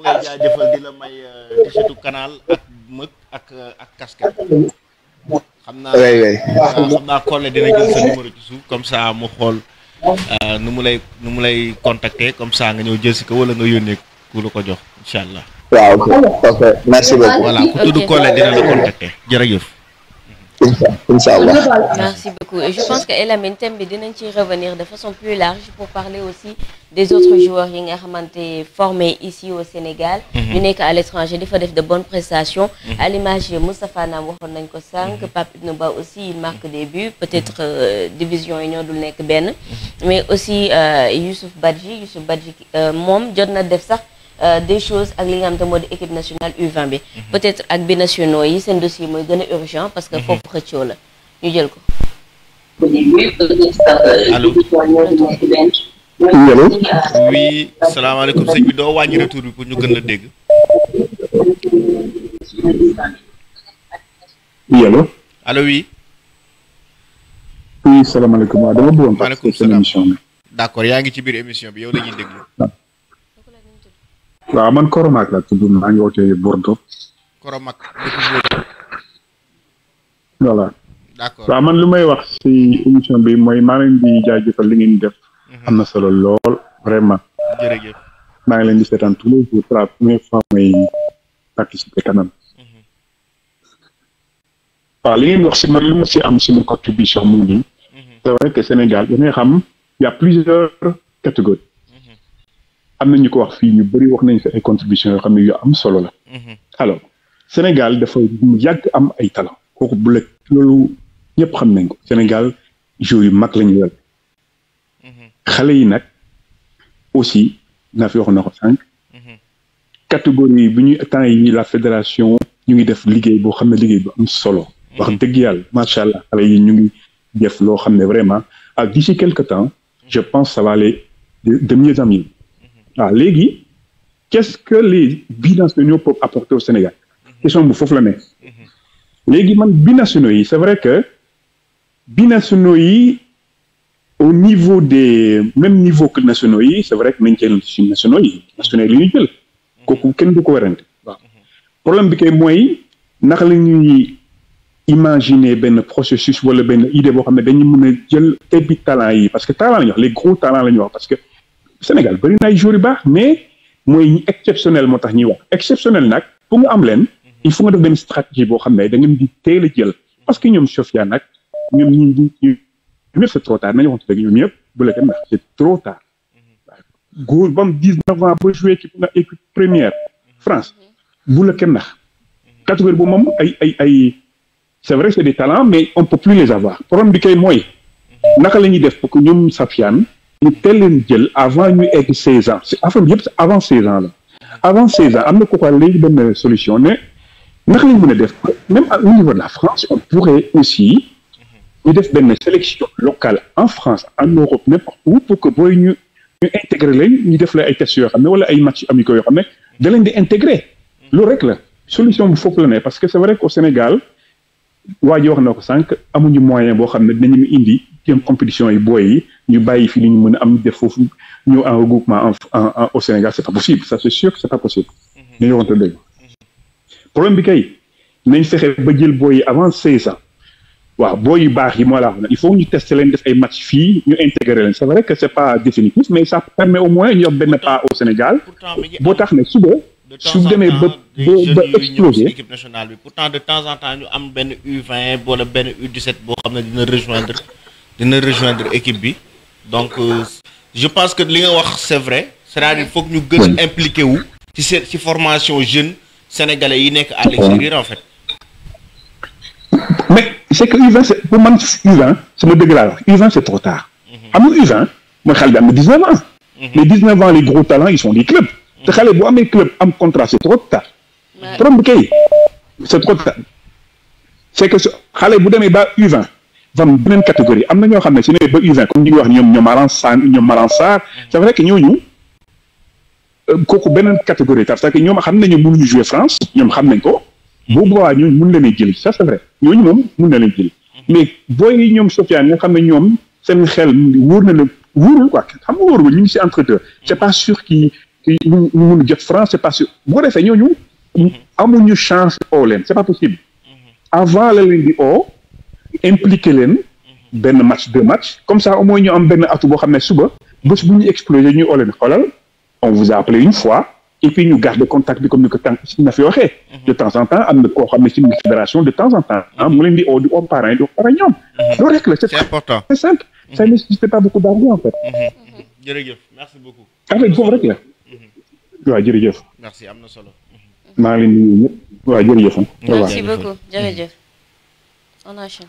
ngay jaajëfal di la may euh, tisetu kanaal ak mëg ak euh, ak casquette xam naa xam naa Collé dina jël sa numéro ci comme ça mu xool euh, nu mu lay nu mu lay contacter comme ça nga ñëw jël si ko wala nga yónnee ku la ko jox incha allah. waaw ok merci beaucoup. voilà ku tudd Collé dina la contacter jërëjëf. merci beaucoup je pense que Elamine thème mais dinañ revenir de façon plus large pour parler aussi des autres joueurs qui ont été formés ici au Sénégal mhm. ñu a à l'étranger di fa de bonnes prestations mhm. à l'image de Moustapha Nam que nañ mhm. aussi marque des buts peut-être euh, division Union de Ben, mais aussi euh, Youssouf Badji Youssouf Badji euh, Mom, jot Defsa. Euh, des choses ak li nga xam équipe nationale U20 b mhm. peut-être ak bi nationaux c'est un dossier qui est urgent. parce que mhm. foofu xëccoo la ñu jël ko. allô. oui salam alaikum bi doo wàññi retour bi pour ñu gën la dégg. oui allo. allo oui. oui salam waaw dama bëggoon. maaleykum salaam parce que émission bi. d'accord yaa ngi ci biir émission bi yow la waaw man koromaak la tudd maa ngi wootee bordeaux koromaak voilà waaw man lu may wax si émission bi mooy maa leen di jaajëfal li ngeen def mhm. am na solo lool vraiment jërëjëf maa ngi leen di seetaan tous les jours la première fois may participer kanam même waaw li ngeen wax si man mhm. lu ma si am suma contribution mu ngi c'est vrai que mhm. Sénégal da ngay xam il y a plusieurs catégories amna ñu ko wax fii ñu bëri wax nañ fi ay contribution yoo xam ne yu am solo la. Mhm. alors Sénégal dafa yàgg am ay talent kooku bu lekk loolu ñëpp xam nañ ko Sénégal joueurs yu mag lañu yor mhm. xale yi nag aussi naa fi wax na ko sànq. Mhm. catégorie bi ñuy temps yi la fédération ñu ngi def liggéey boo xam ne liggéey bu am solo. wax dëgg yàlla macha allah xale yi ñu ngi def loo xam ne vraiment ak d'ici quelque temps je pense ça va aller de mieux en mieux les ah, léegi qu'est-ce que les binationaux peuvent apporter au Sénégal mhm. question bu foofu la Les mhm. léegi man binationaux c'est vrai que binationaux au niveau des même niveau que nationaux c'est vrai que nañ jël suñu nationaux nationaux yi ñu jël mhm. kooku kenn du ko werante problème bi kay mooy naka imaginer ben processus wala ben idée bo xamné ne dañuy mën jël tebbi talent yi parce que talent les gros talents lañu parce que Sénégal bëri na ay joueurs yu baax mais mooy exceptionnel moo tax ñuy wax exceptionnel nag pour nga am leen il faut nga def benn stratégie boo xam ne da ngeen di teel a jël parce que ñoom Sofia nag ñoom ñu ñu ñëpp c'est trop tard nañu waxante dëgg ñoom ñëpp bu la kenn ndax c'est trop tard góor ba mu dix-neuf ans ba joué ci équipe première France bu la kenn ndax catégorie boobu moom ay ay ay c'est vrai c'est des talents mais on peut plus les avoir problème bi kay mooy naka la ñuy def pour que ñoom Safiane ñu teel leen jël avant ñu egg 16 ans si affaire bi yëpp avant 16 ans la avant 16 ans am na ko quoi léegi benn solution ne naka lañ mën a def même au niveau de la France on pourrait aussi ñu def benn sélection locale en France en Europe n'importe où pour que booy ñu ñu intégrer lañ ñu def la ay test yoo xam ne wala ay matchs amicaux yoo xam ne da leen di intégrer loolu rek la solution bu foofu la ne parce que c'est vrai au Sénégal waa ji wax na ko sànq amuñu moyen boo xam ne dinañu indi dem compétition yi boy, yi ñu bàyyi fi li ñu mën a am def foofu ñëw en en au Sénégal c'est pas possible ça c'est sûr que c'est pas possible. Mhm. dañoo waxante dëgg mhm. problème bi kay nañ fexe ba jël booy yi avant seize ans waaw boy, yu baax yi moo la wax il faut ñu tester leen def ay match fii ñu intégrer c'est vrai que c'est pas définitif mais ça permet au moins ñu def benn pas au Sénégal Pourtant, tax ne suba. de temps en temps demee nationale bi pourtant de temps en temps ñu am benn U20 wala benn U17 boo xam dina rejoindre dina rejoindre équipe bi donc euh, je pense que li nga wax c'est vrai c'est-à-dire que ñu gën a impliqué wu ci ci formation jeune sénégalais yi nekk à l'extérieur en fait mais c'est que U20 pour moi u c'est ma mon la wax c'est trop tard am moi U20 mooy xale am 19 ans mais mhm. 19 ans les gros talents ils sont des clubs mhm. te xale bu amee club am contrat c'est trop tard trop kay c'est trop tard c'est que xalé bu demee ba U20 dans catégorie am na une catégorie. ne ba Nous comme ñu sont wax c'est vrai que une euh, catégorie jouer France nous, xam ko bu nous, ñooñu mën na nous, nous, ça c'est vrai ñooñu nous, mën nous, mais Sofiane seen xel quoi xam nga c'est pas sûr qui ñu France c'est pas sûr mm-hmm. chance c'est pas possible mm-hmm. avant la impliquer len ben match deux matchs comme ça au moins ñu am ben atu bo xamné suba bëss bu ñu explosé ñu oleen xolal on vous a appelé une fois et puis ñu garder contact bi comme ni ko tànk na fi waxee mhm. de temps en temps am na koo xam ci fédération de temps en temps ah mhm. mu leen di oo di oo parrain di parrain ñoom mhm. loolu rek la c'est important c'est simple ça ne nécessite pas beaucoup d'argent en fait jërëjëf merci beaucoup avec foofu rek la waaw jërëjëf merci amna solo ma ngi leen di nuyu ñëpp waaw jërëjëf merci beaucoup jërëjëf on enchaîne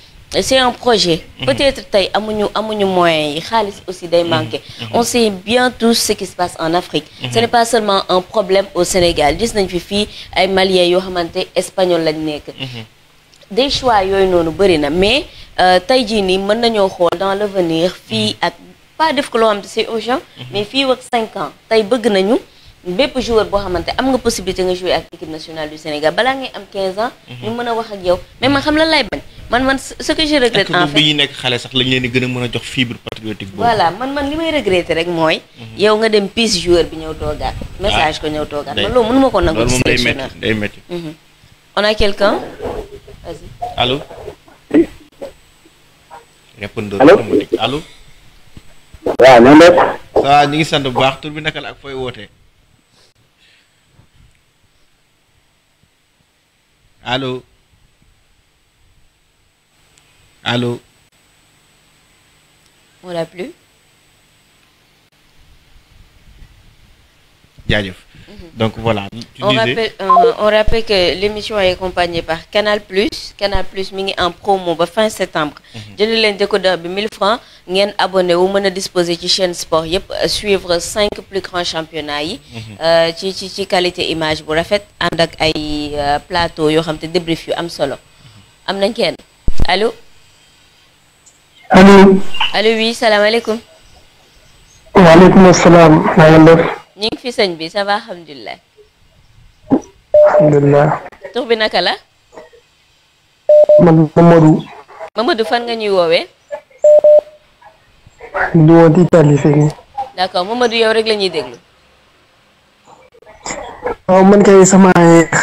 c'est un projet. Mhm. peut-être que amuñu amuñu moyens yi xaalis aussi day mhm. manqué. Mhm. on sait bien tout ce qui se passe en Afrique. ce n'est pas seulement un problème au Sénégal dis nañ fi fii ay Maliens les Espagnols. espagnol lañ des choix mais euh, tey jii nii mën dans l'avenir fii ak pas de ko loo xamante c'est urgent. mais fii ak 5 ans tey bëgg nañu. bépp joueur boo xamante am possibilité de jouer avec l'équipe nationale du Sénégal balaa ngay am 15 ans. ñu mën a wax ak yow mais ma xam lan lay bañ. man man ce que je regrette en fait yi nek xalé sax lañ leen gëna mëna jox fibre patriotique bo voilà man man limay regretter rek moy mhm. yow nga dem pis joueur bi ñëw toga ah. message ko ñëw toga man lo mënuma ko nangu loolu day métti day métti mhm. on a quelqu'un vas-y allô répondre automatique allô wa na def ça ñu ngi sant bu baax tour bi naka la ak fooy wootee allô Allô On l'a plus mhm. Donc voilà. Euh, on, rappelle, que l'émission est accompagnée par Canal Plus. Canal Plus en promo fin septembre. Mhm. Je vous décodeur de 1000 francs Vous abonné ou mën dispositif disposer ci chaîne sport euh, suivre cinq plus grands championnats yi. Mhm. Euh, ci ci qualité image bu rafet fête ak ay plateau yoo xam te débrief yu am solo. am nañ allo allo oui salaamaaleykum waaleykum asalaam naa ngeen def ñu ngi fi sëñ bi ça va alhamdulilah alhamdulilah tur bi naka la man Mamadou Mamadou fan nga ñuy woowee di tali Italie fii d'accord Mamadou yow rek la ñuy déglu waaw man kay sama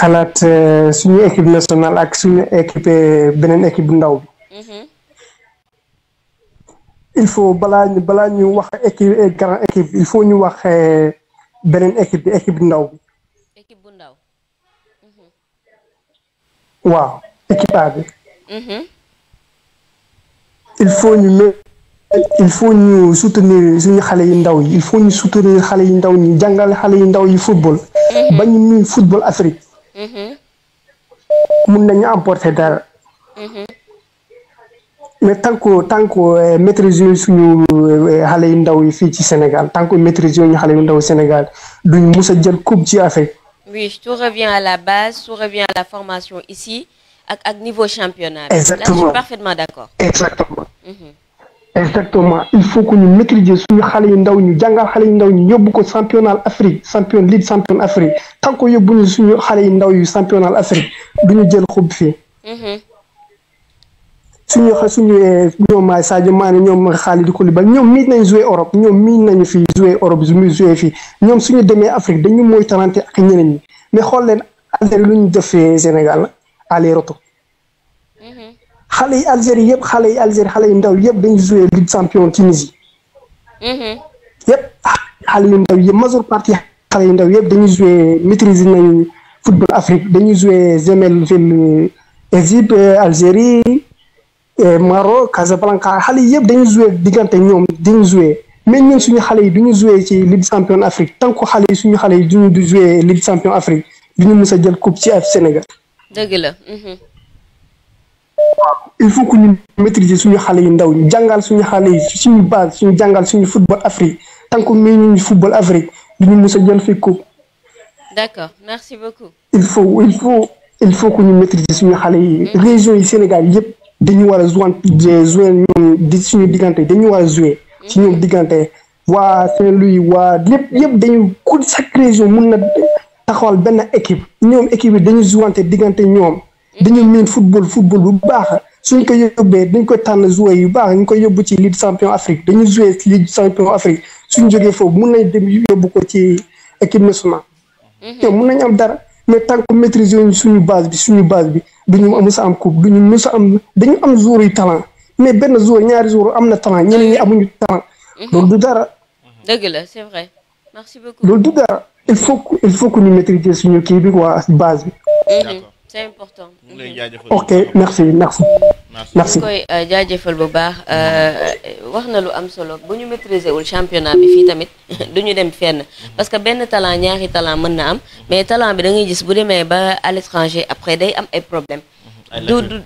xalaat eh, suñu équipe nationale ak suñu équipe eh, beneen équipe bu ndaw bi mhm. il faut balaa ñu balaa ñu wax équipe eh, grand équipe il faut ñu wax eh, beneen équipe bi équipe ndaw bi. équipe bu ndaw. Mm-hmm. waaw équipe A bi. Mm-hmm. il faut ñu soutenir suñu xale yu ndaw yi il faut ñu soutenir xale yu ndaw ñi jàngal xale yu ndaw yi football. Mm-hmm. bañ ñu football Afrique. mun nañu emporter dara. mais tant que tant que euh, maîtrise yooyu suñu euh, euh, xale yu ndaw yi fi ci Sénégal tant que maîtrise ñu xale yu ndaw Sénégal duñ mus a jël coupe ci Afrique. oui tout revient à la base tout revient à la formation ici ak ak niveau championnat. exactement là je suis parfaitement d'accord. exactement. Mhm. exactement il faut que ñu maîtriser suñu xale yu ndaw ñu jangal xale yu ndaw ñu yóbbu ko championnat Afrique champion league champion Afrique tant que yóbbu ñu suñu xale yu ndaw yu championnat Afrique duñu jël coupe fii. Mhm. suñu suñu ñoom Sadio Mané ñoom Khalidou Koulibaly ñoom miin nañ jouer Europe ñoom miin nañu fi jouer Europe mu jouer fii ñoom suñu demee Afrique dañu mooy talante ak ñeneen ñi mais xool leen Algérie lu ñu def Sénégal aller retour xale yi Algérie yëpp xale yi Algérie xale yu ndaw yëpp dañu jouer Ligue champion Tunisie yëpp xale yu ndaw yëpp majeure partie xale yu ndaw yëpp dañuy jouer maîtriser nañ football Afrique dañuy jouer Zemmelville Égypte Algérie maro Casablanca xale yëpp dañu joué diggante ñoom dañu joué mais ñun suñu xale yi duñu joué ci Ligue champion Afrique tant que xale yi suñu xale yi duñu du joué Ligue champion Afrique duñu mësa jël coupe ci af Sénégal. dëgg la. Mhm. il faut que ñu maîtriser suñu xale yi ndaw ñu jàngal suñu xale yi suñu base suñu jàngal suñu football Afrique tant que mais ñu football Afrique duñu mësa jël fi coupe. d'accord merci beaucoup. il faut il faut il faut que ñu maîtriser suñu xale yi. Mhm. région yi Sénégal yëpp. dañu war a euh, jouer ñoom di suñu diggante dañu war a jouer ci ñoom diggante waa Saint-Louis waa lépp yëpp dañu ku chaque région mun na taxawal benn équipe ñoom équipe yi dañu jouante diggante ñoom dañu miin football football bu baax suñ ko yóbbee dañ ko tànn joueur yu baax ñu koy yóbbu ci Ligue champion Afrique dañu jouer ci Ligue champion Afrique suñ jógee foofu mun nañ dem yóbbu ko ci équipe nationale ñoom mhm. mun nañ am dara mais tant que maîtriser une base bi suñu base bi a am am talent mais talent. Donc, mhm. du mhm. c'est vrai merci beaucoup. Donc, du il faut il faut que nous maîtriser base mhm. d'accord c'est important. ok merci merci. merci Merci. Euh, euh, merci. championnat parce que Merci. Merci. talent Merci. mais talent à l'étranger après Merci. Merci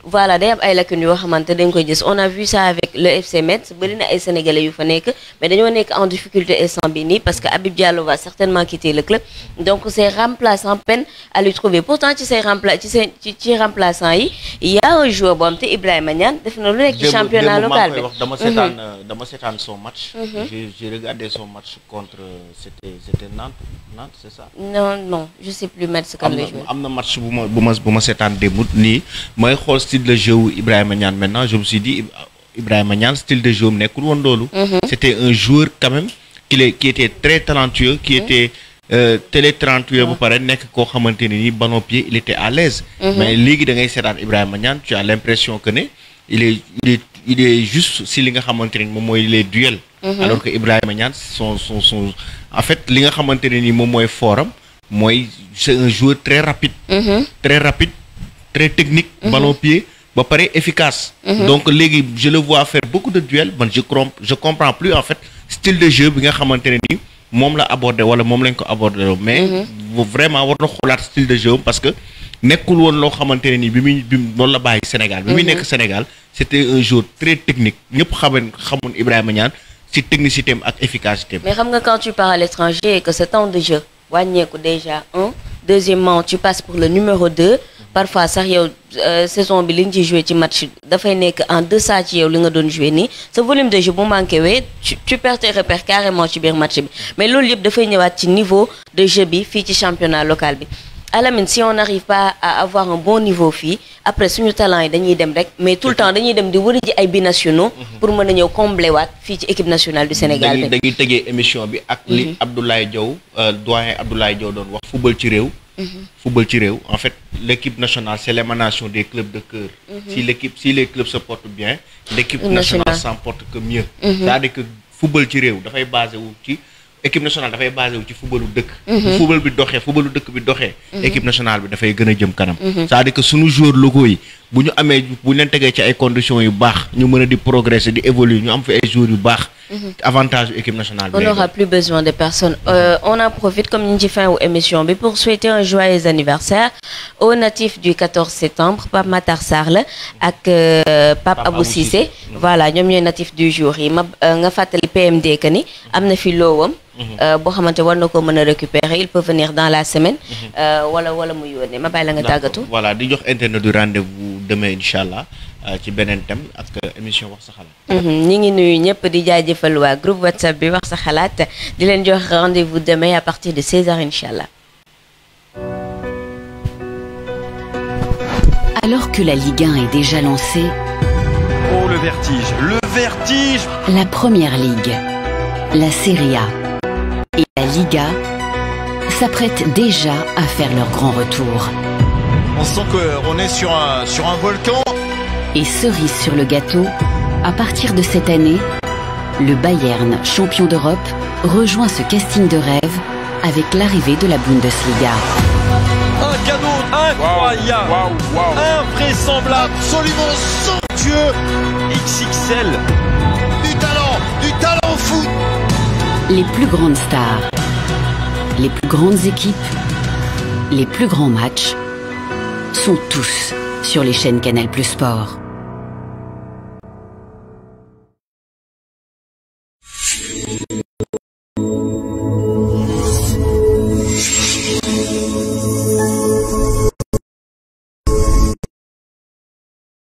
voilà day on a vu ça avec le FC Metz bari na ay sénégalais mais nous en difficulté parce que Diallo va certainement quitter le club donc c'est remplaçant peine à lui trouver pourtant ci say remplaçant ci ci y a un joueur bonté Ibrahima Niane championnat local mhm. euh, son match. Mhm. j'ai regardé son match contre c'était Nantes Nantes c'est ça. non non je sais plus Metz match mooy xool style de jeu Ibrahima Niane maintenant je me suis dit Ibrahima Niane style de jeu am nekkul lolu mhm. c'était un joueur quand même qui qui était très talentueux qui mhm. était. Euh, télé 38 ba pare nekk koo xamante ne ni ballon pied il était à l'aise mhm. mais léegi da ngay sétane Ibrahima Niane tu as l'impression que ne il est il est il est juste si li nga xamanteni mom moy les duels alors que Ibrahima Niane son son son en fait li nga xamanteni mom moy forum moy c'est un joueur très rapide très rapide très technique, mhm. ballon pied, bah, paraît efficace. Mhm. Donc, les, je le vois faire beaucoup de duels, mais je ne je comprends plus en fait style de jeu que je mom la abordé wala mom lañ ko abordé mais mhm. vraiment war na style de jeu parce que nekkul woon loo xamante ne ni bi bi loolu la bàyyi Sénégal bi muy au Sénégal c'était un jeu très technique ñëpp xamoon xamoon Ibrahima Niane ci technicité am ak efficacité mais xam nga quand tu pars à l'étranger et que ce temps de jeu wàññeeku déjà un deuxièmement tu passes pour le numéro deux parfois sax yow euh, saison bi liñ ci jouer ci match dafay nekk en deçà ci yow li nga doon jouer ni sa volume de jeu bu manqué wé tu perds tes repères carrément ci biir match bi mais loolu yëpp dafay ñëwaat ci niveau de jeu bi fii ci championnat local bi Alamine si on n'arrive pas à avoir un bon niveau fii après suñu talent yi dañuy dem rek mais tout le temps dañuy dem di wëri ji ay binationaux mhm. pour mën a ñëw combler waat fii ci équipe nationale du Sénégal bi dañuy tëgee émission bi ak li mhm. Abdoulaye diow euh, doyen Abdoulaye diow doon wax football ci réew Mm-hmm. football ci en fait l'équipe nationale c'est l'émanation des clubs de cœur mm-hmm. si l'équipe si les clubs se portent bien l'équipe nationale s'en porte que mieux mm-hmm. c'est-à-dire que football équipe nationale dafay basé baser ci football football bi doxee football bi équipe nationale bi jëm kanam c'est-à-dire que sunu joueur le yi bu ñu amee bu leen tegee ci ay conditions yu baax ñu mën a di progresser di évoluer ñu am fi ay jours yu baax. Mhm. avantage équipe nationale. on n'aura plus besoin de personne euh, on en profite comme ñu ngi fin ou émission bi pour souhaiter un joyeux anniversaire aux natifs du 14 septembre Pape Matar Sarle la ak euh, Pape Abou Cissé. Mm-hmm. voilà ñoom ñooy natifs du jour yi ma euh, nga fàttali PMD que ni mm-hmm. am na fi loowam. Mm-hmm. Euh, boo xamante war na ko mën a récupérer il peut venir dans la semaine. wala wala mu yónnee ma bàyyi la nga tàggatu. voilà di jox internet du rendez-vous demain inchallah allah euh, ci beneen thème ak euh, émission wax sa xalaat. Mhm. ñi ngi nuyu ñëpp di jaajëfal wa groupe whatsapp bi wax sa xalaat di leen jox rendez-vous demain à partir de 16h inchallah Alors que la Ligue 1 est déjà lancée. Oh le vertige, le vertige La Première Ligue, la Serie A et la Liga s'apprêtent déjà à faire leur grand retour. On sent qu'on est sur un, volcan. Et cerise sur le gâteau, à partir de cette année, le Bayern, champion d'Europe, rejoint ce casting de rêve avec l'arrivée de la Bundesliga. Un cadeau incroyable, wow, absolument somptueux, XXL. Du talent, du talent fou. Les plus grandes stars, les plus grandes équipes, les plus grands matchs sont tous sur les chaînes Canal Plus Sport.